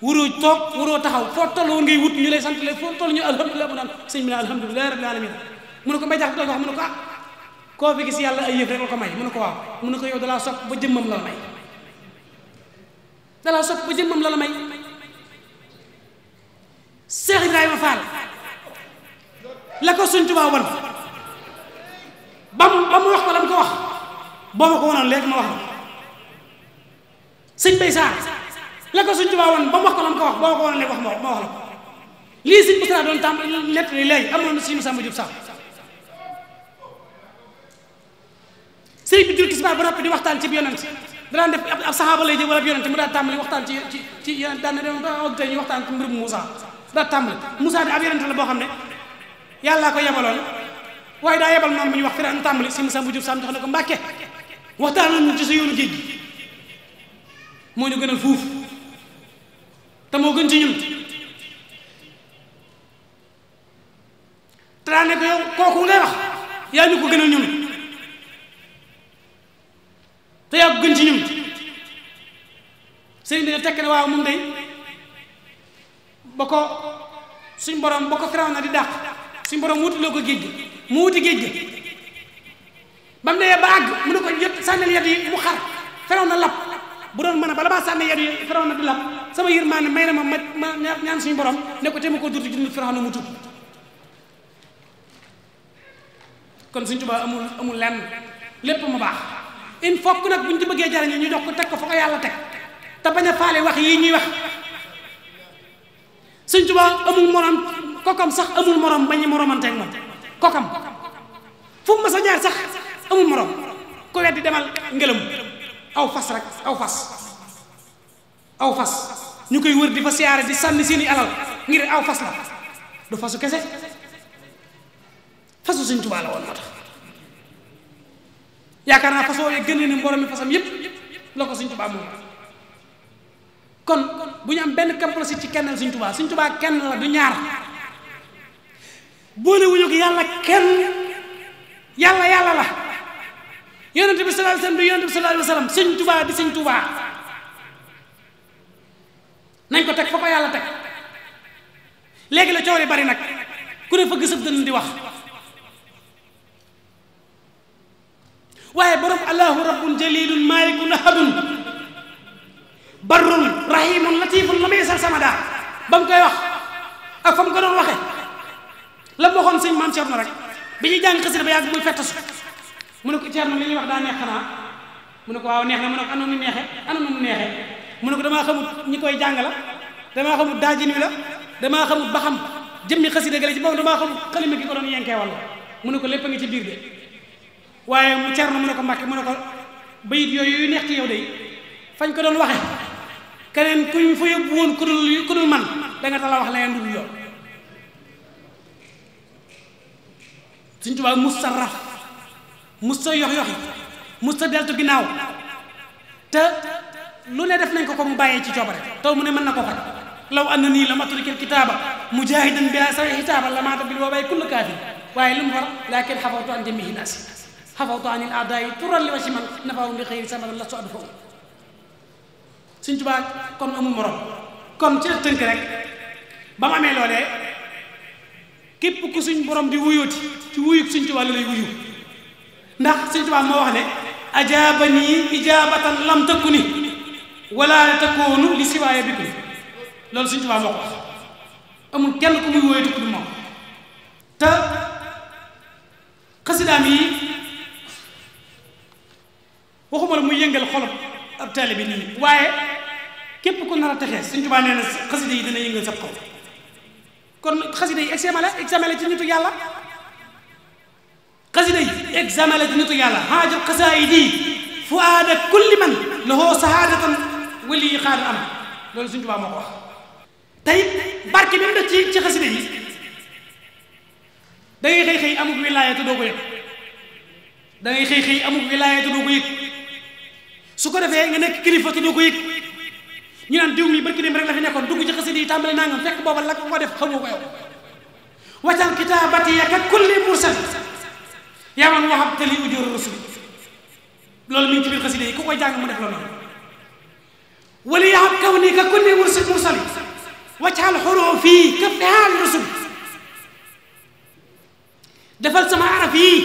waroo toog waroo taxaw foo tolloo ngay wut ñu lay sant leen foo toll ñu alhamdulilah mu naan sëñ bi ne alhamdulilah rabbil ko mbay jaxate doon wax mu ko ah gis yàlla ay yëf rek la ko may mu ne ko waaw mu ne ko yow dalaa ba jëmmam la la may dalaa sopp ba la la may Cheikh Ibrahima Fall la ko suñ tubaab wan ba mu ba wax ko la mu ko wax boo ma ma wax la sëñ Bay la ko suñu tuba won ba wax ko lam ko wax boo ko won ne wax mo mo wax la ko lii siñ doon tam lettre li lay amoon suñu musaa ma sax sey bi dir kisbaar ba rap di waxtan ci yonent danaan def ab sahaba lay jël wala yonent mu da tam li waxtan ci ci yonent daan dem ba tay ñu waxtan ci mbirum musa da tam musa bi ab yonent la bo xamne yalla ko yebalon way da yebal mom bu ñu wax firan tam li suñu Moussa bu jub jox na ko Mbàkke waxtan ci suñu yoonu géej gi gënal fuuf te moo gën ci ñun te daa ne yow kooku ngay yaa ñu ko gënal ñun te yaa ko gën ci ñun sëriñ bi ne tekk ne waaw moom day ba ko suñ borom ba ko na di dàq suñ borom wutiloo ko géej gi mu wuti géej gi ba mu demee ba àgg mu ne ko yët sànnil yet yi mu xar firaw na lab bu doon mën a bala maa sànni yet yi firaw na di lab sama yirmane mayna na ma ma ñaan suñu borom ne ko te ma ko durti junni firaanu mu tub kon suñ tubaa amul amul lenn lépp mu baax il faut nak nag buñ ci bëggee jariñu ñu jox ko teg ko fa ko yàlla teg te bañ wax yii ñuy wax suñ tubaa amul morom kokam sax amul morom bañ moromante ak moom kokam fu ma mas jaar sax amul morom ku weddi demal ngelam aw fas rek aw fas aw fas ñukay wër di fa siara di sànni seeni alal ngir aw fas la do fasu kesse fasu seigne touba la won motax yakarna yaakaar ye gën ni mborom fasam yépp lako seigne touba mo kon bu ñu am benn complexe ci kenn seigne touba seigne touba kenn la du ñaar boole wuñu ko yalla kenn yalla yalla la yonente bi sallallahu alayhi wasallam du yonente bi sallallahu alayhi wasallam seigne touba di seigne touba nañ ko teg fa yàlla teg léegi la coow li bari nag ku ne fëgg sëb di wax waaye borom allahu rabbun jalilun malikun ahadun barrun rahimun latifun la may sal sama daa ba mu koy wax ak fa mu ko doon waxe la mu waxoon sëñ maam Cerno rek bi ñuy jàng xasida ba yàgg muy fettasu mu ne ko Cerno li ñuy wax daa neex xanaa mu ne ko waaw neex na mu ne ko anoonu neexe anoonu neexe mu ne ko dama xamut ñi koy jangala dama xamut daajin wi la damaa xamut ba xam jëmmi xasida gele ci boobu dama xamut xalima gi ko don yenké wal mu ne ko lepp nga ci bir de waye mu ciarna mu ne ko mbàkke mu ne ko bayit yoy yu neex ci yow de fañ ko don waxe keneen kuñ fu yóbbu won ku dul ku dul man da nga tala wax la yandul yo sin tuba musarraf raf musta yox yoxi musta deltu ginaaw te lu ne def nañ ko ko mu bàyyee ci coobare taw mu ne mën na ko faj law an na nii la ma turikil kitaaba mujahidan bi sawi xitaaba la maata bil boobaay kullu kaafir waaye lu mu war laakin xafawtu an jëmmihi naasi xafawtu anil aadaayi tural li wa si man nafawum bi xëyri sama la su addu foofu suñ tubaa kon amul morom kon ci tënk rek ba mu amee loolee képp ku suñ boroom di wuyooti ci wuyuk suñ tubaa la lay wuyu ndax suñ tubaa moo wax ne ajaabani ijaabatan lam takku ni wala takoonu li siwaaya bi ko loolu suñ tubaab moo ko wax amul kenn ku muy wóoyatu ku moom te xasidaam yi waxuma bi nii waaye képp ku nar a texee suñ tubaab nee na xasida yi dina yëngal sa kon xasida yi examen la examen la ci nitu yàlla xasida yi kulli man lahoo sahaadatan wali yi xaar am loolu suñ tubaa moo wax tay barki bi mu def ci ci xasida yi da ngay xey xey amuk wilayatu do ko yek da ngay xey xey amuk wilayatu do ko yek su ko defee nga nekk kilifa te do ko yek ñu naan diw mi barki dem rek la fi nekkoon dugg ci xasida yi tàmbali nangam fekk booba la ko def xamoo ko yow waccal kitabati yak kulli mursal ya man waxam tali ujur rasul lolou mi ci bir xasida yi ku koy jang mu def la noonu وليهب كوني ككل مرسل مرسل واجعل حروفي كفها الرسل دفل سما عرفي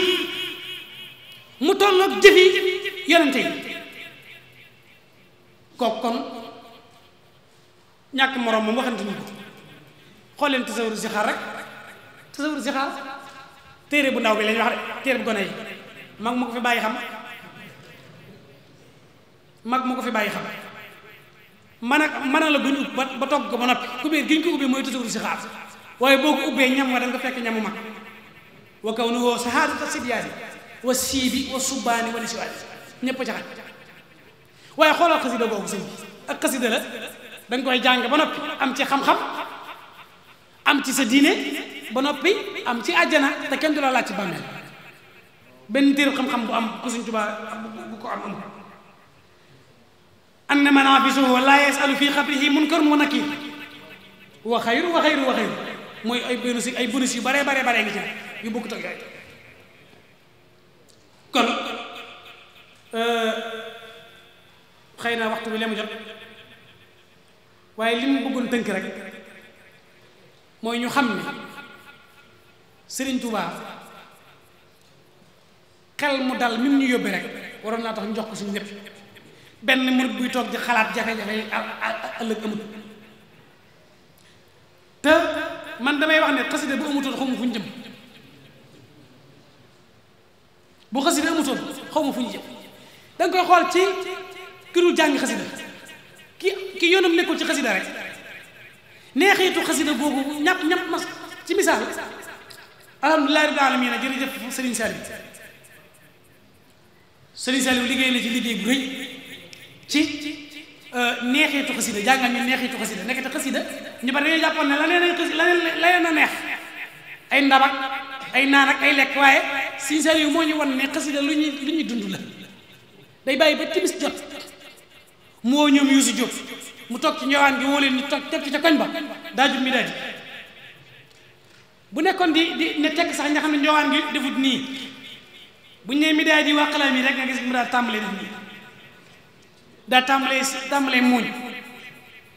متولب جفي يرنتي كوكون ñàkk morom moom waxante ñu ko xool leen tasawur zixaar rek tasawur zixaar téere bu ndaw bi la ñuy wax rek téere bu gone yi mag ma ko fi bàyyi xam mag ma ko fi bàyyi xam man ak man a la guñ ub ba togg ko ba noppi kubéer gi ñu ko ubbee mooy tasawur si xaar waaye boo ko ubbee ñam nga da nga fekk ñamu mag wa kaw nu woo sahaadata sidyaani wa siibi wa subbaani wala siwaani ñëpp ca xaj waaye xoolal xasida boobu sëñ bi ak xasida la da koy jàng ba noppi am ci xam-xam am ci sa diine ba noppi am ci àjjana te kenn du la laaj ci bàmmeel benn téere xam-xam bu am ku suñ Tuubaa bu ko am am anna manaafisahu laa yasalu fi xabrihi munkar wa nakir wa xayru wa xayru wa xayru mooy ay bonus ay bonus yu baree baree baree ngi ci yu bokkut ak yooyu kon euh, na waxtu bi lee jot waaye li mu bëggoon tënk rek mooy ñu xam ne Sëriñ Tuubaa xel mu dal mim ñu yóbbe rek waroon naa tax ñu jox ko suñu ñëpp ben murid buy tok di xalat jafe-jafe ëlëk ëllëg amut te man damay wax ne xasida bu amutul xaw fuñu jëm bu xasida amutul xaw fuñu jëm dang koy xol ci ki dul jàng xasida ki ki yoonam nekkul ci xasida rek neexitu xasida bogo ñap ñap mas ci misal alhamdulillahi rabbil alamin jërëjëf Serigne Saliou Serigne Saliou liggéey na ci liggéey bu reuy ci euh, neexitu xasida jàngal ñu neexitu xasida nekkati xasida ñu bari dañoo jàppoon ne la leen la leen a neex ay ndabak ay naan ak ay lekk waaye Sëriñ Saaliw moo ñu wan ne xasida lu ñuy lu ñuy dund la day bàyyi ba timis jot moo ñoom Yuusu Jóob mu toog ci njowaan gi woo leen ñu toog tekki ca koñ ba daajub mi daaj bu nekkoon di di ne tekk sax ña xam ne njowaan gi defut nii ñu ne mi daaj yi waa xalaam yi rek nga gis mu daal tàmbali def nii daa tàmbalee tàmbalee muuñ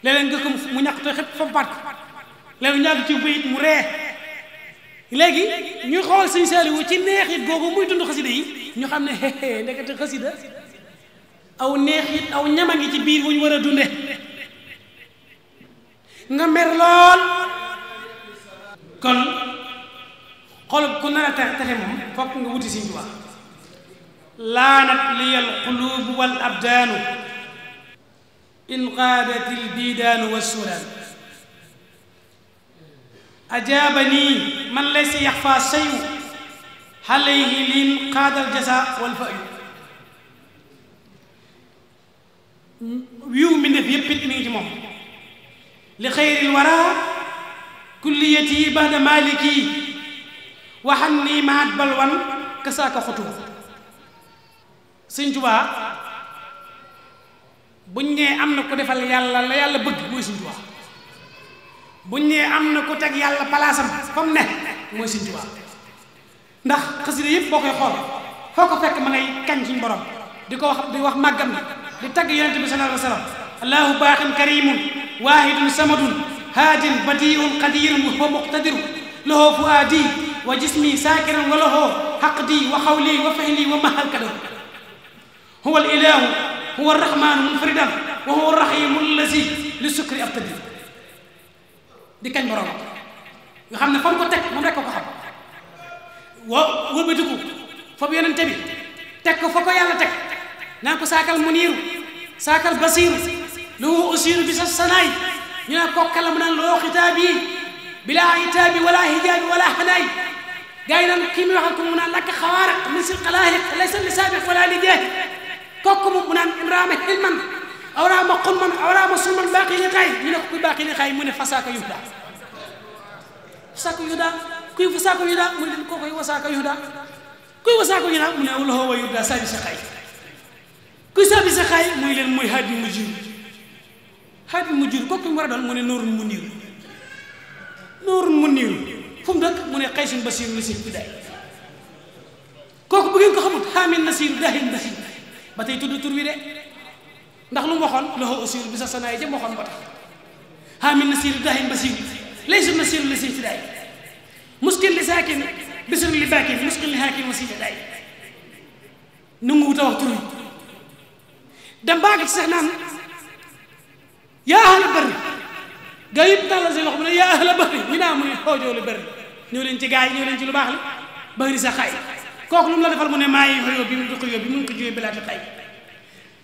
léeg-léeg nga ko mu ñàkk te xëpp fa bat léegi ñàkk ci bayit mu ree léegi ñuy xool sëñ Saaliwu ci neexit googu muy dund xasida yi ñu xam ne hee ndekete xasida aw neexit aw ñama ngi ci biir wu ñu war a dunde nga mer lool kon xolub ku nar a tax taxe moom fokk nga wuti Sëñ Tuubaa laanat liyal quluub wal abdaanu إن غابت الديدان والسنن أجابني من ليس يخفى شيء عليه لإنقاذ الجزاء والفأي ويو من دف يبت من جمع لخير الورى كليتي بعد مالكي وحني مات بلوان كساك خطوه سنجوا buñ nee am na ko defal yàlla la yàlla bëgg mooy Sëñ Tuubaa buñ am na ku tag yàlla palaasam fa mu ne mooy Sëñ Tuubaa ndax xasida yëpp boo koy xool foo ko fekk ma ngay kañ suñ borom di ko wax di wax màggam di tag yonente bi sallallahu alayhi wa sallam allahu baaxin karimun waahidun samadun haadin badiun qadirun wa huwa muqtadiru lahu fuaadi wa jismi saakiran wa lahu xaqdi wa xawli wa fahli wa mahalkado huwa al هو الرحمن المفرد وهو الرحيم الذي للسكر ابتدى دي كان برام يو خامنا فام كو تك موم ريك كو خاب و وبتكو فاب يننتبي تك كو فكو يالا تك نانكو ساكل منير ساكل بصير لو اسير بس السناي ينا كو كلام نان لو خطابي بلا عتاب ولا حجاب ولا حناي قايلا كيما يخلقوا منا لك خوارق من سلق الاهلك ليس لسابق ولا لجاهل kooku moom mu naan in raama xilman aw raama xulman aw raama sulman baaqi li xaay ñu ne ko baaqi li xaay mu ne fasaaka yuhda fasaaka yuhda kuy fasaaka yuhda mu ne ko koy wa yuhda saabi sa xaay kuy saabi sa xaay muy leen muy mu jur haadi mu jur kooku mu war a doon mu ne nuurun mu niiru nuurun mu niiru fu mu dëkk mu ne xaysun basiiru nasiiru bidaay kooku bu ngeen ko xamul xaamin nasiiru daahin daahin ba tey tudd tur wi de ndax lu mu waxoon loxo usul bi sa sanaay jëm waxoon ko tax xaamin na siiru dahin ba siiw lay su na siiru la siiw ci daay muskil li saakin bisir li baakin muskil li haakin wa siiw daay nungu wuta wax tur wi dem baag ci sax naan yaa ahla bari gaa yëpp tàllal seen loxo mu ne yaa ahla bari ñu naa mu ne xoojoo lu bari ñëw leen ci gaa yi ñëw leen ci lu baax li bari sa xaay كوك لوم لا ديفال مو ني ماي يوي بي مو دوخ يوي بي مو كجوي بلاتي خاي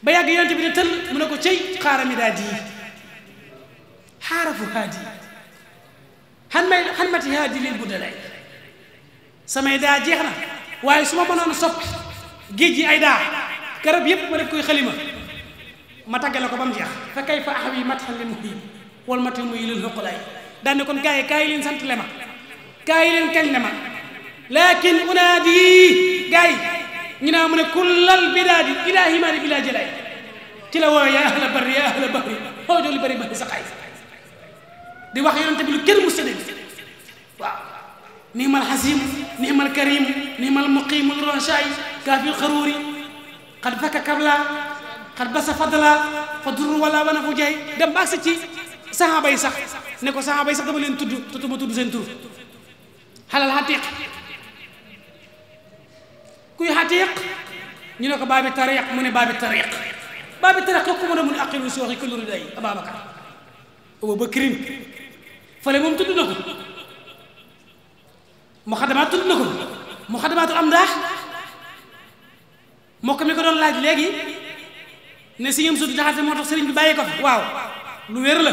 با ياغ يونت بي تيل مو نكو تشي خارامي دادي حارف هادي هان ماي هان ماتي هادي لين بودالاي سامي دا جيخنا واي سوما مانون سوب جيجي ايدا كرب ييب ما داكوي خليما ما تاغالاكو بام جيخ فكيف احوي متحن للمهي والمتمي للحقلاي دان كون غاي كاي لين سانت لما كاي لين كلنما lakin unaadi gars yi ñu naa mu ne kullal bidaadi ilaa himaani bilaa jëlaay ci la wooye yaa ahla barri yaa ahla bahri xoojoo li bëri bëri sa xaay di wax yonente bi lu kenn mu sédé waaw nimal xasim nimal karim nimal muqimul rochaay kaafil xaruuri xad fakka kabla xad basa fadla fa dur wala wana fu jay dem ba agsi ci saxaaba yi sax ne ko saxaaba yi sax dama leen tudd te dama tudd seen tur kuy xatiiq ñu ne ko baabi tariq mu ne baabi tariq baabi tariq ko mu ne mun aqilu sooxi këluri day Ababacar Abubakrin fale moom tudd na ko mu xadamaat tudd na ko mu xadamaatul am ndax mbokk mi ko doon laaj léegi ne si ñoom suuf jaxase moo tax sëriñ bi bàyyi ko fa waaw lu wér la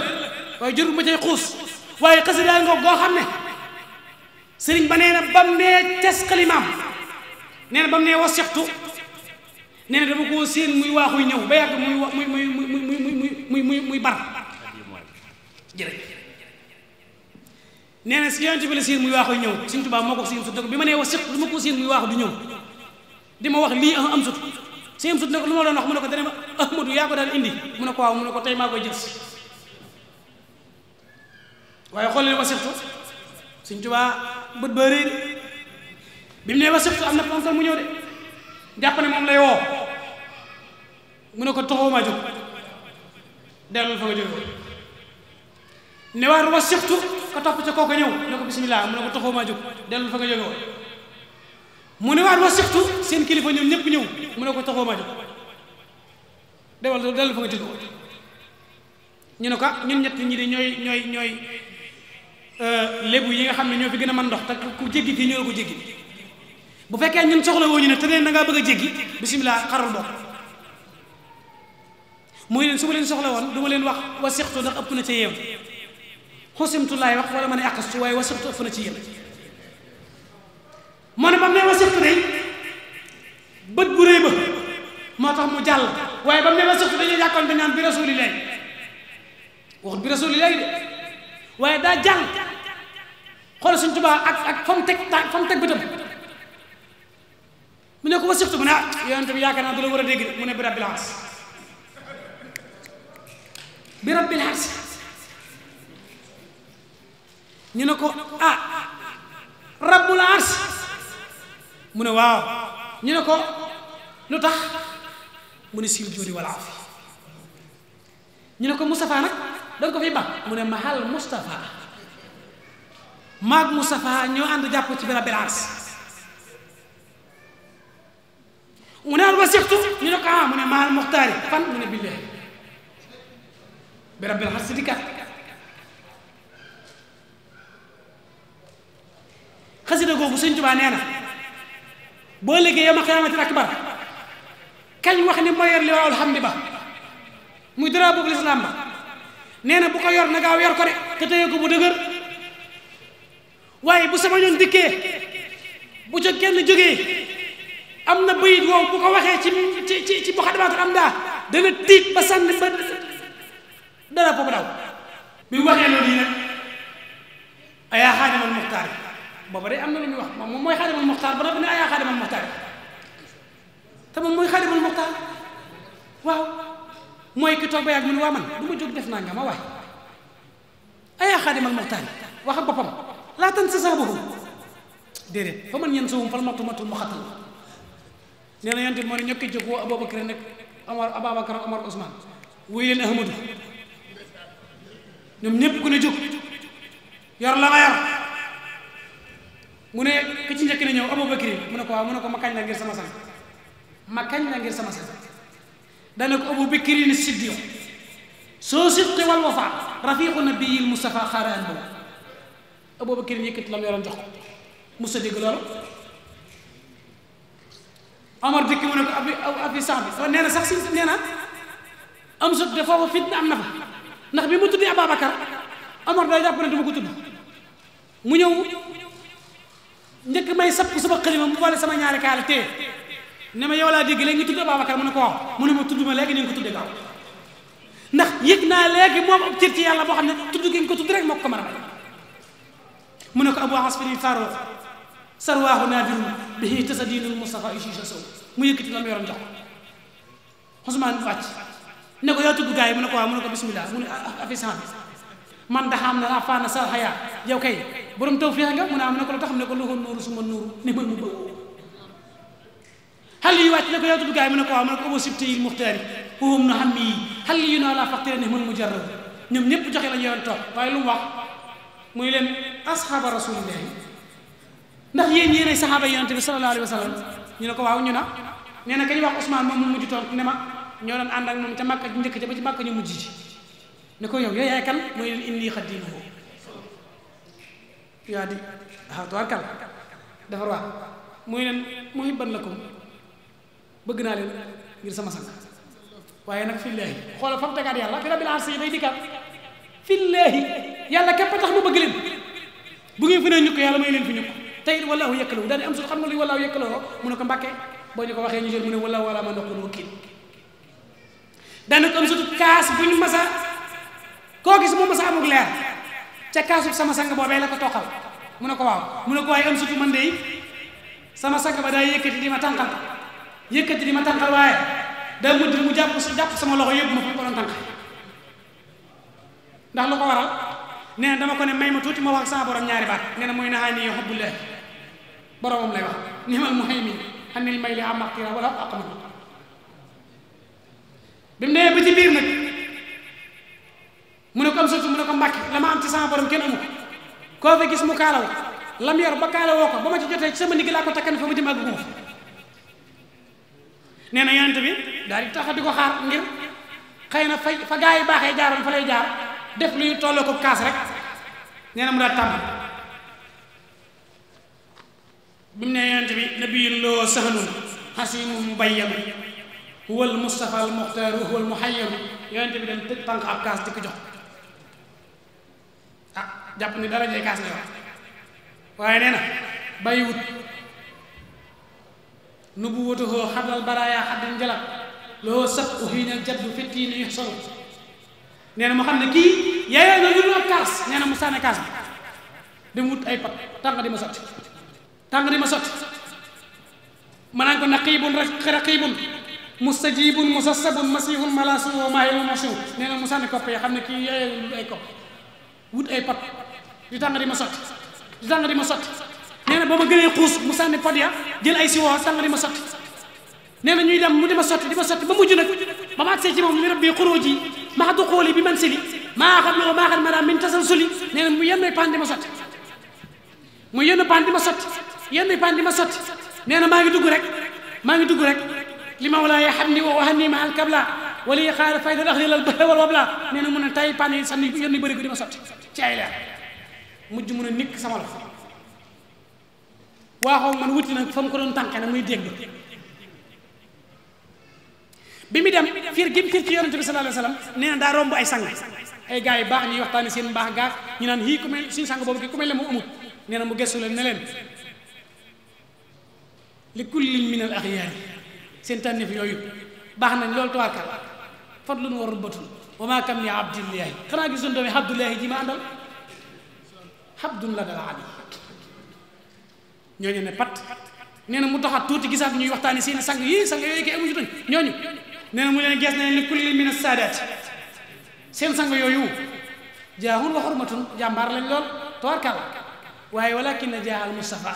waaye jur ma cay xuus waaye xasida nga goo xam ne sëriñ ba nee na ba mee tes xalimaam nee na ba nee wa sextu nee na dama koo séen muy waaxuy ñëw ba yàgg muy muy muy muy muy muy muy muy bar jërëjëf nee na si yonent bi la séen muy waaxuy ñëw Sëñ Tuubaa moo ko séen sut ne muy waaxu du ñëw di ma wax lii ah, am sut si am sut ne ko lu ma doon wax mu ne ko dana ma Ahmadu yaa ko daan indi mu ne ko waaw mu ne ko tey maa koy jël si waaye xool leen wa sextu Sëñ bët ba bi mu nee wa sëftu am na ponkal mu ñëw de jàpp ne moom lay woo mu ne ko toxoo ma jóg dellul fa nga jóge ne waar wa sëftu ka topp ca kooka ñëw ne ko bisimilah mu ne ko toxoo ma jóg dellul fa nga mu ne waar seen kilifa ñoom ñëpp ñëw mun ne ko toxoo ma jóg dewal dellul fa nga jóge ñu ne ko ah, ñun ñett ñi de ñooy ñooy ñooy euh, lébu yi nga xam ne ñoo fi gën a mën ndox te ku jéggi fii ñoo ko jéggi bu fekke ñun soxla woñu ne tane te neen bëgg jéggi bismillah xaral bokk muy leen su ma leen soxla won duma leen wax wasixtu nak ëpp na ci yew khusimtu lay wax wala ma ne àqastu waaye wasixtu ëpp na ci yéen moo ne ba mu ne wasixtu bu rëy mo tax mu jàll waaye ba mu ne wasixtu dañuy jàkkoon dañ naan bi rasulillah wax bi rasulillah de waaye daa jàll xol suñu tuba ak ak fam tek fam tek fa bëtam Iya, gitu. mune ko wa sixtu mu ne bi yakana dula wara deg mune bi rabbil has bi rabbil has ñu ne ko ah rabbul ars mune waaw ñu ne ko lu tax sil jodi wala afi ñu ne ko Moustapha nag ko fi ba mune mahal Mustafa. mag Mustafa, ñu andu japp ci bi rabbil has mu ne alwasixtu ñu ne ko ah mu ne maal muxtaari fan mu ne billahi bi rabbil xar si dikkaat xasida googu sëñ Tuubaa nee na boo liggéey yawma qiyaamatil akbar kañ wax ni moo yor li waaw alhamdi ba muy dara boobu lislaam ba nee na bu ko yor na gaaw yor ko de te téye ko bu dëgër waaye bu sama ñoon dikkee bu ca kenn jógee amna na bayit woow bu ko waxe ci ci ci ci muxadamatul am da na tit ba sànni ba dara boobu daw bi waxee loolu yi nag ayaa khadim al muhtar ba bari amna lu muy wax moy khadim al muhtar ba noppi ne ayaa xaadimal muxtaar te moom mooy xaadimal muxtaar waaw mooy ki toog ba yàgg mu ne man du ma def na nga ma waay ayaa xaadimal muxtaar wax ak bopam la tan sa sabu dede fa man yenn sowum fal matu matul mukhatal nee na yonent bi moo ne ñokki jóg woo Aboubacar nag Omar Ababacar Omar Ousmane wuy leen Ahmadou ñoom ñépp ku ne jóg yor la nga yor mu ne ki ci njëkk ne ñëw Aboubacar mu ne ko waaw mu ne ko ma kañ la ngir sama sang ma kañ la ngir sama sang dana ko Aboubacar ni siddiq soo sidqi wal wafa rafiqu nabiyil Mustafa xaaraan boobu Aboubacar yëkkati la mu yoroon jox ko Moussa dégg loolu أمر ديك من أبي أو أبي سامي فنانا شخصي نانا أمزق دفاع وفتنة أم نفا نخ بيموت دي أبا بكر أمر بيجا بنا دمو كتب مينيو نك ما يسب كسب قليل من بوال سما نيار كالتي نما يولا دي غلين يتب أبا بكر من كوا من مو تدو ملاك نين كتب دكاو نخ يكنا لاك مو أب تيرتي الله تدو كين كتب درك مو كمرة أبو عاصم الفاروق سرواه نادر به تسدين المصطفى يشيش سو ميكت لم يرم جاو عثمان فات نكو يا تو غاي منكو منكو بسم الله من افسان من دهام لا فان سال حياه يو كاي بروم توفيق نغا من امنكو لو تخم نكو لو نور سوما نور ني مو بو هل يوات نكو يا تو غاي منكو منكو بو سبتي المختار وهم نحمي هل ينا لا فقير من مجرد نم نيب جوخي لا نيون توك طيب، واي لوم واخ موي لين اصحاب رسول الله ndax yéen yéenay saxaaba yonente bi sallallahu alayhi wa ñu ne ko waaw ñu na nee na kañ wax Ousmane moom mu mujj tontu ne ma ñoo doon ànd ak moom ca Màkka ju njëkk ca ba ci Màkka ñu mujj ji ko yow yow yaay kan mooy leen indi xaddiinu ko yaa di ah, waaw tuwaar kal dafar waa muy leen muy ban la ko bëgg naa leen ngir sama sang waaye nag fillaahi xoolal fa mu tegaat yàlla fi rabbil arsi day dikkaat fillaahi yàlla képp tax mu bëgg leen bu ngeen fi ne ñukk yàlla may leen fi ñukk tey it wallaahu yëkkalu daal am sul xamul nga luy wallaahu yëkkaloo mu ne ko mbàkke boo ñu ko waxee ñu jël mu ne wallaahu wala ma ndokkul dani ko am sul kaas buñ massa ko gis mu massa amuk leer ca kaasu sama sang bobé la ko tokal mu ne ko waaw mu ne ko waaye am sul man de sama sang ba day yekati di ma tankal yekati di ma tànqal waaye daa mujj mu japp su japp sama loxo yeb mu ko don tankal ndax lu ko waral nee dama ko ne may ma tuuti ma wax sa borom ñaari baat nee na mooy naxaa nii xubbullah boromam lay wax nimal muhaymin anil may li am axtira wala aqma bi mu nee ba ci biir nag mu a ko am sotti mu ne ko mbàkki ma am ci sama borom kenn amu koo fa gis mu kaalaw lam yor ba kaala woo ko ba ma ci jotee ci sama ndigg laa ko takkan fa ma jëm ak guuf nee na yonent bi daal di taxa di ko xaar ngir xëy na fay fa gaa yi baaxee jaaroon fa lay jaar def luy tolloo ko kaas rek nee na mu daal tàmbali bi yang ne yonent bi nabiyun loo sahlun hasimun bayyam huwa al mustafa al Mukhtar, huwa al muhayyam yonent bi dañ tek tank ak kaas dik jox ah japp ni dara jey kaas la waye neena bayiwut na bàyyiwut nubuwatuhu xablal baraaya xaddin jalab loo sab hina jaddu fettiina yuxsaru neena mo xamne ki ne kii yaayoo na kaas neena kaas dem ay pat tanga di ma sotti tàng di ma sotti ma naan ko naqibun raqibun mustajibun musassabun masihun malasu wa mahilun masu nee na mu sànni kopp yi xam ne kii yooyu ay kopp wut ay pot di tàng di ma sotti di tàng ma sotti nee na ma gënee xuus mu sànni pot ya jël ay siwoo tàng di ma sotti nee na ñuy dem mu di ma sotti di ma sotti ba mujj nag ba ma agsee ci moom li rabbi xuróoj yi maa du xooli bi man sili maa xam loo maa xam maanaam min tasal suli nee na mu yenn paan di ma sotti mu yenn paan di ma yenn paan di ma sotti nee na maa ngi dugg rek maa ngi dugg rek li ma walaa xam ni wa waxam ni ma alkabla wala yi xaar fay dal axli lal bëre wal wabla nee na mun a tay paan yi sànni yenn bëri ko ma sotti ci ay ko doon tànke na muy dégg bi mu dem fiir gi mu fiir ci yonente bi sallallahu alayhi yu baax ñuy waxtaani seen mbaax gaaf ñu naan hii ku mel suñu sang boobu ki ku mel ne mu amut mu gëstu leen ne لكل من min al axyaar seen tànneef yooyu baax nañ loolu tuwaakal fadlun wa rubbatun wa maa kam li abdillahi xanaa gisoon doomi abdullahi ji ma àndal abdun la dal abi ñooñu ne pat nee na mu taxat tuuti gisaat ñuy waxtaani seen sang yii sang yooyu kay amuñu tuñ ñooñu nee na mu leen gees na leen li kullin min as-saadaat seen sang yooyu jaaxun wa xurmatun jàmbaar lañ lool tawarkal waaye walakin jaaxal Mustafa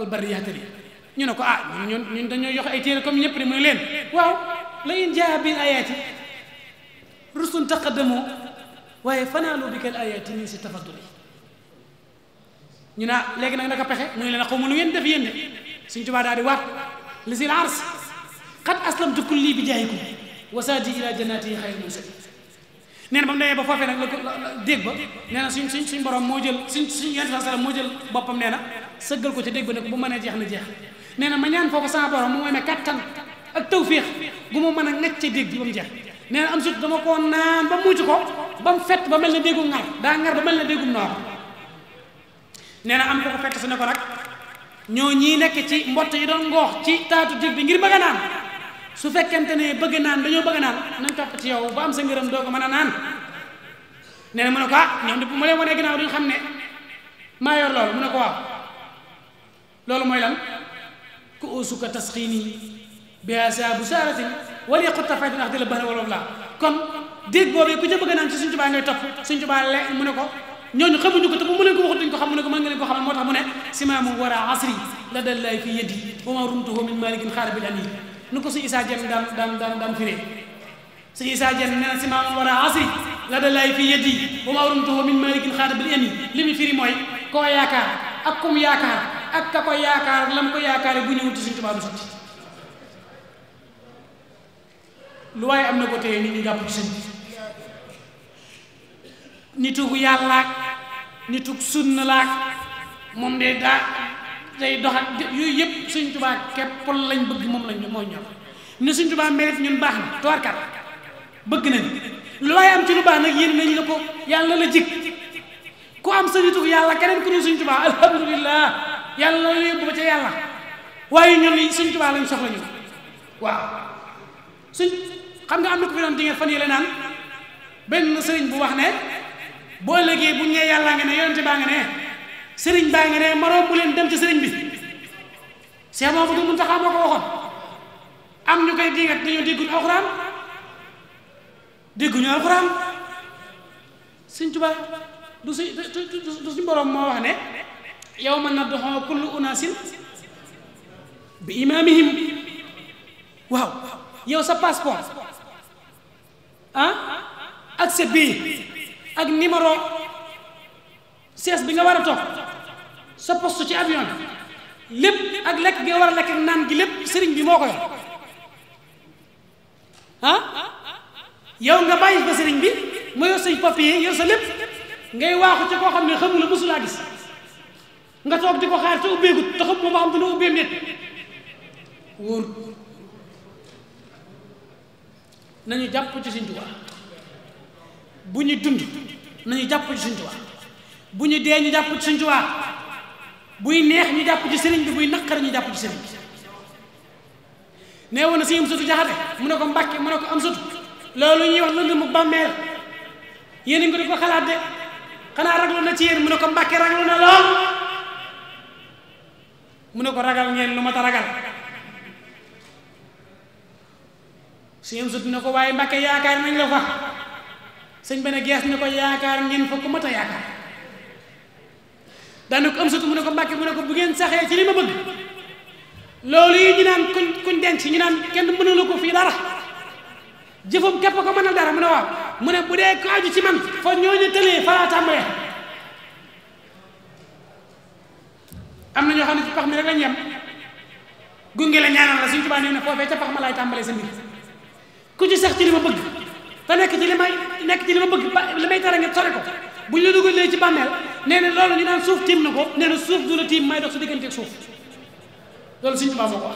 al bariyatari ñu ne ko ah ñun ñun dañoo joxe ay téere comme ñëpp de mu ne leen waaw la in jaa bil ayaati rusul taqaddamu waaye fanaalu bika al ayaati si tafadduli ñu naa ah, léegi nag naka pexe mu ne leen xaw ma lu ngeen def yéen de suñ tubaa daal di waat li si ars xat aslamtu kulli bi jaayikum wasaadi ila jannati xayri musali nee na ba mu demee ba foofee nag la dégg ba nee na suñ suñ suñ borom moo jël suñ suñ yonent sallam moo jël boppam nee na sëggal ko ci dégg ba ne ko bu mënee jeex na jeex nee ma ñaan foko sama borom mu may me katan ak tawfiq bu mo meuna a ngacc dégg ba mu jeex nee am sut dama ko naan ba muccu ko ba mu ba melni ne ngar da ngar ba melni degu noor nee am ko fet fekk su ne ko nag ñoo ñi nek ci mbott yi doon ngox ci taatu deg bi ngir bëgg naan su fekkente ne bëgg naan dañu bëgg naan nañ top ci yow ba am sa ngërëm do ko meuna naan nee mu ne ko ah, ñoom de bu ma leen wanee duñ xam ne yor mu ne ko waaw lool moy lan ku'uusuka tasxiini bihaa saabu saaratin wala yaqut tafaytin axdila bahra wala laa kon déeg boobu ku ca bëgg naan ci Sëñ Tuubaa ngay topp Sëñ le mu ne ko ñooñu xamuñu ko te bu mu ne ko mën nga asri la fi yeddi wa ma rumtuhu min malikin xaaribil an yi nu ko suñu Isaa Jeen daan daan daan daan firee suñu Isaa Jeen nee na simaamu li mu firi mooy koo yaakaar ak kum ak ka ko yaakaar lam ko yaakaare bu ñëwul ci suñ tubaab sotti lu way amna ko tey ni ñi japp ci sëñ nitug yàllaak nitug sunna laak mom de da day doxat yooyu yëpp suñ tuba kep lañ bëgg mom lañ mo ñor ni suñ tuba mérite ñun bax na kat bëgg nañ lu way am ci lu bax nak yeen nañ la ko yàlla la jik ku am sa nitug yalla keneen ku ñu suñ tuba alhamdullilah yalla la yobbu ci yalla way ñun suñ tubaa lañ soxla ñu waaw suñ xam nga am na ko fi di ngeen fan yële naan ben sëriñ bu wax ne bo legge bu ñe yalla nga ne yonente ba nga ne ba nga ne bu leen dem ci bi Cheikh Mamadou ko am ñu koy dingat dañoo dégguñu alxuraan dégguñu alxuraan sëriñ Tuubaa du du borom mo wax ne yawma nad'u kullu unaasin bi imaamihim waaw yow sa passeport ah ak sa bii ak numéro sees bi nga war a toog sa poste ci avion bi lépp ak lekk gi nga war a lekk naan gi lépp sëriñ bi moo ko yor ah yow nga bàyyi ba sëriñ bi mu yor say papier yor sa lépp ngay waaxu ci koo xam ne xamula mësulaa gis nga toog di ko xaar te ubbeegut taxam moom am dana ubbeem nit wóor nañu ñu dund nañu jàpp ci Sëñ bu ñu dee ñu jàpp ci Sëñ Tuubaa buy neex ñu jàpp ci sëriñ bi buy naqar ñu jàpp ci sëriñ bi nee woon si am sotu jaxate mu ne ko mbàkke mu ne ko am sotu loolu ñuy wax lënd mu bàmmeel yéen a di ko xalaat de xanaa raglu na ci yéen mu ne ko mbàkke raglu na lool mu ko ragal ngeen luma ta ragal seen sut ne ko way Mbàkke yaakar nañ la fa sëñ ba ne gees ne ko yaakar ngeen fa ku mat a yaakaar ko am sut mu ko Mbàkke mu ko bu ngeen saxé ci lima bëgg lolu yi ñu naan kuñ kuñ denc ñu naan kenn mëna mënula ko fi dara jëfum kep ko mëna dara mu wa waaw bu dé ko aju ci man fa ñooñu télé fa la tàmbalee am na ñoo xam ne ci pax mi rek lañ yem gunge la ñaanal la suñu tubaab nee na foofee ca pax ma laay tàmbalee sa mbir ku ci sax ci li ma bëgg te nekk ci li may nekk ci li ma bëgg ba li may tere nga sore ko bu ñu la dugalee ci bàmmeel nee na loolu ñu naan suuf tiim na ko nee na suuf du la tiim may dox su diggante suuf loolu suñu tubaab moo ko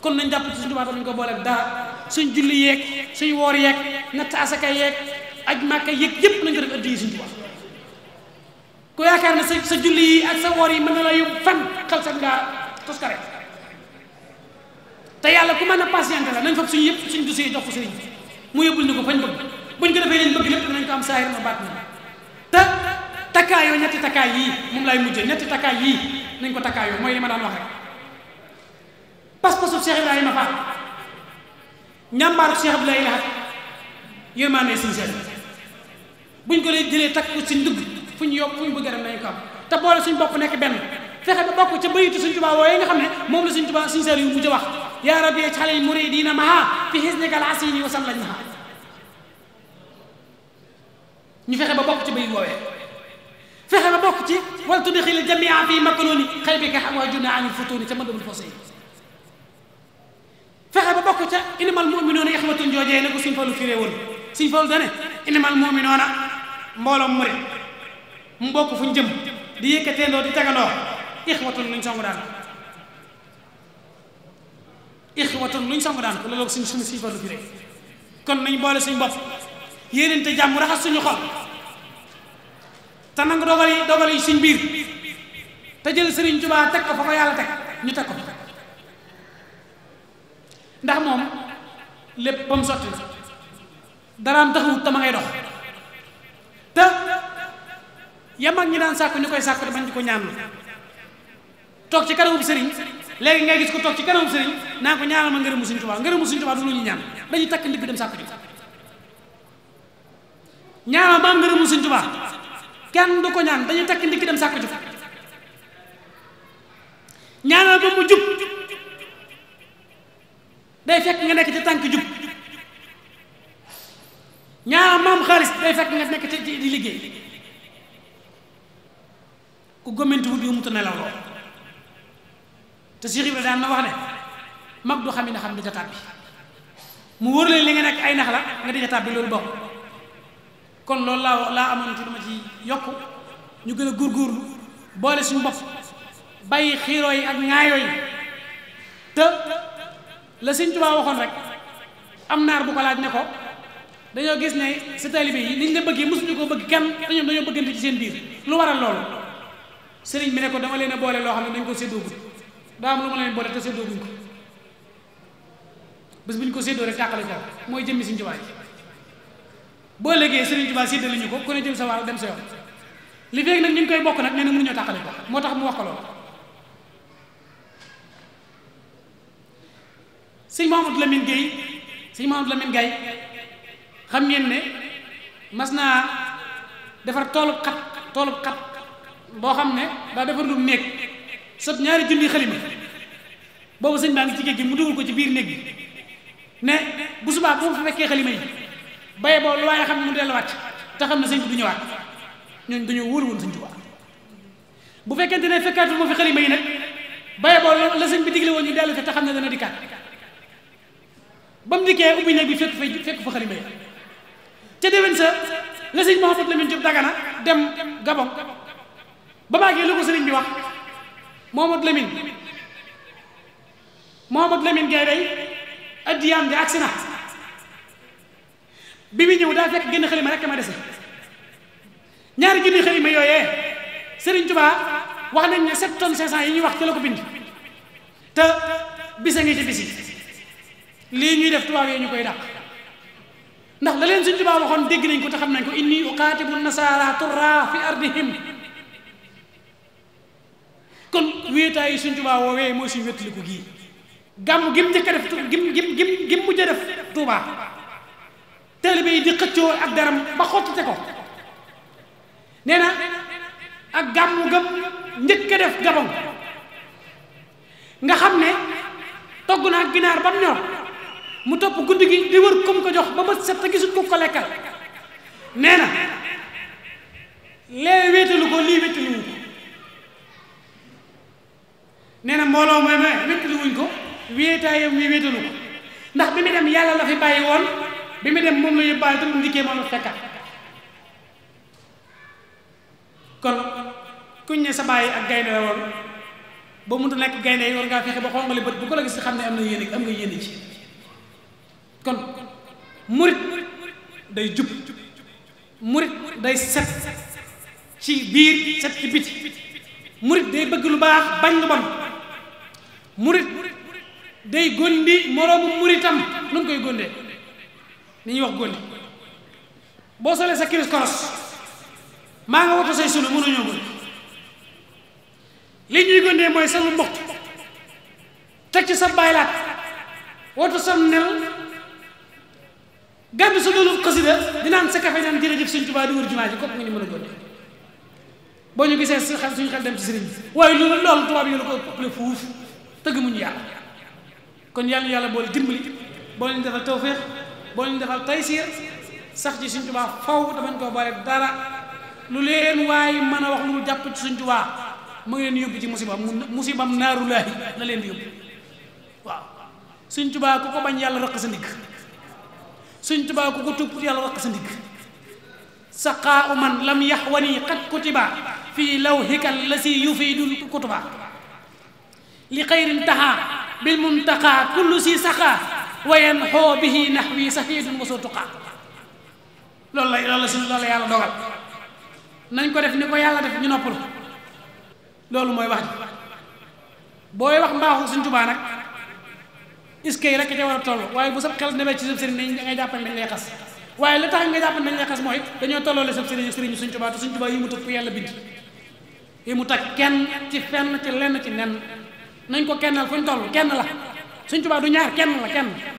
kon nañ jàpp ci suñu tubaab tamit ko boole dara suñ julli yeeg suñ woor yeeg natt asaka yeeg aj màkka yeeg yëpp nañ ko def ku yaakaar ne sa sa julli yi ak sa woor yi mën na la yóbbu fan xel sax ngaa toskare te yàlla ku mën a patiente la nañ fa suñu yëpp suñu dossier jox ko sëriñ mu yóbbul ni ko fañ bëgg buñ ko defee leen bëgg lépp danañ ko am saahir ma baat na te takkaayoo ñetti takkaay yi moom lay mujjee ñetti takkaay yi nañ ko takkaayoo mooy li ma daan wax rek pas-pasu Cheikh Ibrahima fa ñambar Cheikh Abdoulaye Lahat yërmaane suñ buñ ko lay jëlee takk ko suñ dugg fu ñu yóbbu fu ñu bëgg a dem nañ ko te boole suñ bopp nekk benn fexe ba bokk ca bayitu suñ tubaa wooye nga xam ne moom la suñ tubaa suñ seer yu mujj wax yaa rabbi ñu fexe ba bokk ci bayit woowee fexe ba bokk ci wal tudxil jamia fi makanoni xëy bi nga xam waa junna ca mëndamul fosé fexe ba bokk ca inimal muminoona ixwatun joojee ne ko suñ falu firée woon suñ falu dane inimal muminoona mbooloo murid mu bokk fu ñu jëm di yëkkateendoo di tegandoo ixwatun luñ songu daan ixwatun luñ songu daan ko loolu suñ suñu si farlu fi kon nañ boole suñ bopp yéenente jàmm raxas suñu xol te nangu dogal yi dogal yi suñ biir te jël Sëriñ Tuubaa teg ko fa ko yàlla teg ñu teg ko ndax moom lépp ba mu sotti daraam taxawut te ma ngay dox te ya mag ñi daan sàkku ñu koy sàkku ko ñaan toog ci kanamu sëriñ léegi ngay gis ko toog ci kanamu sëriñ naa ko ñaanal ma ngërëmu suñ tubaa ngërëmu suñ tubaa du lu ñu ñaan dañuy takk ndigg dem sàkku ji ñaanal ma ngërëmu suñ tubaa kenn du ko ñaan dañuy takk dem ñaanal ba mu jub day fekk nga nekk ci tànk jub ñaanal xaalis day fekk nga nekk ci di liggéey ku gëmante wut yow mu nelaw loo te Cheikh Ibrahima daan na wax ne mag du xam ne xam di ca tàbbi mu wóor leen li nga nekk ay nax la nga di ca tàbbi loolu bokk kon loolu laa laa amoon ci dama ci yokk ñu gën a góorgóorlu boole suñu bopp bàyyi xiiroo yi ak ŋaayoo yi te la Sëñ Tuubaa waxoon rek am naar bu ko laaj ne ko dañoo gis ne sa taalibe yi liñ la bëggee mosuñu ko bëgg kenn te ñoom dañoo bëggante ci seen biir lu waral loolu sëriñ bi ne ko dama leen boole loo xam ne dañ ko séddoo gudd daa am lu ma leen boole te séddoo guñ ko bés bu ñu ko séddoo rek tàqale ko mooy jëmmi Sëriñ Tuubaa boo léegi Sëriñ Tuubaa séddale ñu ko ku ne jël sa wàll dem sa yoon li fekk nag ñu ngi koy bokk nag nee na ñoo tàqale ko moo tax mu wax ko loolu sëñ Mouhamadou Lamine Guèye sëñ Mouhamadou Lamine Guèye xam ngeen ne mas naa defar toolu xat toolu xat boo xam ne daa defar lu néeg sot ñaari junni xalima boobu sëñ baa ngi ci géej gi mu dugal ko ci biir néeg bi ne bu subaa bu mu fa fekkee xalima yi baye boo mu delluwaat te xam ne sëñ bi du ñëwaat ñooñu dañoo wóolu woon sëñ Tuubaa bu fekkente ne fekkaatu moo fi xalima yi nag baye boo la sëñ bi digle woon ñu dellu te xam ne dana dikkaat ba mu dikkee ubbi néeg bi fekk fa fekk fa xalima yi ca déwén sa la sëñ Mouhamadou Lamine Diop Dagana dem Gabon ba maagee lu ko sëriñ bi wax Mohamed Lamine Mohamed Lamine Gaye day addiyaam di agsi na bi mu ñëw daa fekk génn xalima rekk ma dese ñaari génn xalima yooyee sëriñ Tuubaa wax nañ ne sept tonnes cinq yi ñuy wax ci la ko bind te bisa ngi ci bisi lii ñuy def tubaab yi ñu koy dàq ndax la leen suñ Tuubaa waxoon dégg nañ ko te xam nañ ko inni uqaatibu nasaara turra fi ardihim kon wéetaay yi suñ Tuubaa woowee mooy suñ wéttaliku gii gàmm gim njëkk a def gim gim gim mujj def Tuubaa taalibe yi di xëccoo ak daram ba xottite ko nee na ak gàmm gam njëkk a def Gabon nga xam ne togg naa ginaar ba mu ñor mu topp guddi gi di wër kum ko jox ba bët set te gisul ku ko lekkal nee na lee wéetalu ko lii wéetalu nee na mbooloo mooy ma wéttalu ko wéetaayam wi wéetalu ko ndax bi mu dem yàlla la fi bàyyi woon bi mu dem moom la yóbbaale te mu dikkee moom la fekkat kon ne sa bàyyi ak a nekk gaynde yi war ngaa fexe ba xongali bët bu ko la gis xam ne am na yéene am nga yéene ci kon murit day jub murit day set ci biir set ci biti murit day bëgg lu baax bañ lu bon murit day gondi moroomu muritam lu mu koy gondee ni ñuy wax gondi boo solee sa kiris koros maa nga woto say sunu mënuñoo gondi li ñuy gondee mooy sa lu mboq teg ci sa baylaat woto sam nel gàddu sa doolu xasida di naan sa kafe naan jërëjëf sëñ Tuubaa di wër jumaa ji kopp nga ñu mën a gonde boo ñu gisee suñu xel dem ci sëriñ bi waaye loolu loolu tubaab yi la ko ëppale fuuf tëggumuñu yalla kon yalla yalla boole dimbali boo leen defal tawfiq boo leen defal taysir sax ci suñ tubaa faw dama ko bare dara lu leen way mën wax lu japp ci suñ tubaa mu ngi leen yobbi ci musibam musibam naaru la leen yobbi yóbbu waaw suñ tubaa ku ko bañ yalla rak sa ndik suñ ku ko tupp yalla rak sa ndik saqa'u man lam yahwani qad kutiba fi lawhika allasi yufidul kutuba لخير انتهى بالمنتقى كل سي سخا وينحو به نحوي سفيد وسوتقا لولا لا اله الا الله لا يالا دوغال نانكو ديف نيكو يالا ديف ني نوبل لولو موي واخ بوي واخ مباخو سن توبا نك اسكي رك تي ورا تول واي بو سب خال نيبي سي سن ني نغي جابال ني لي خاص واي لا تاخ نغي جابال ني لي خاص موي دانيو تولو لي سب سيرني سيرني سن توبا تو سن توبا يمو تو يالا بيد يمو تا كين تي فن تي لين تي نين nañ ko kennal fuñ toll kenn la suñ Tuubaa du ñaar kenn la kenn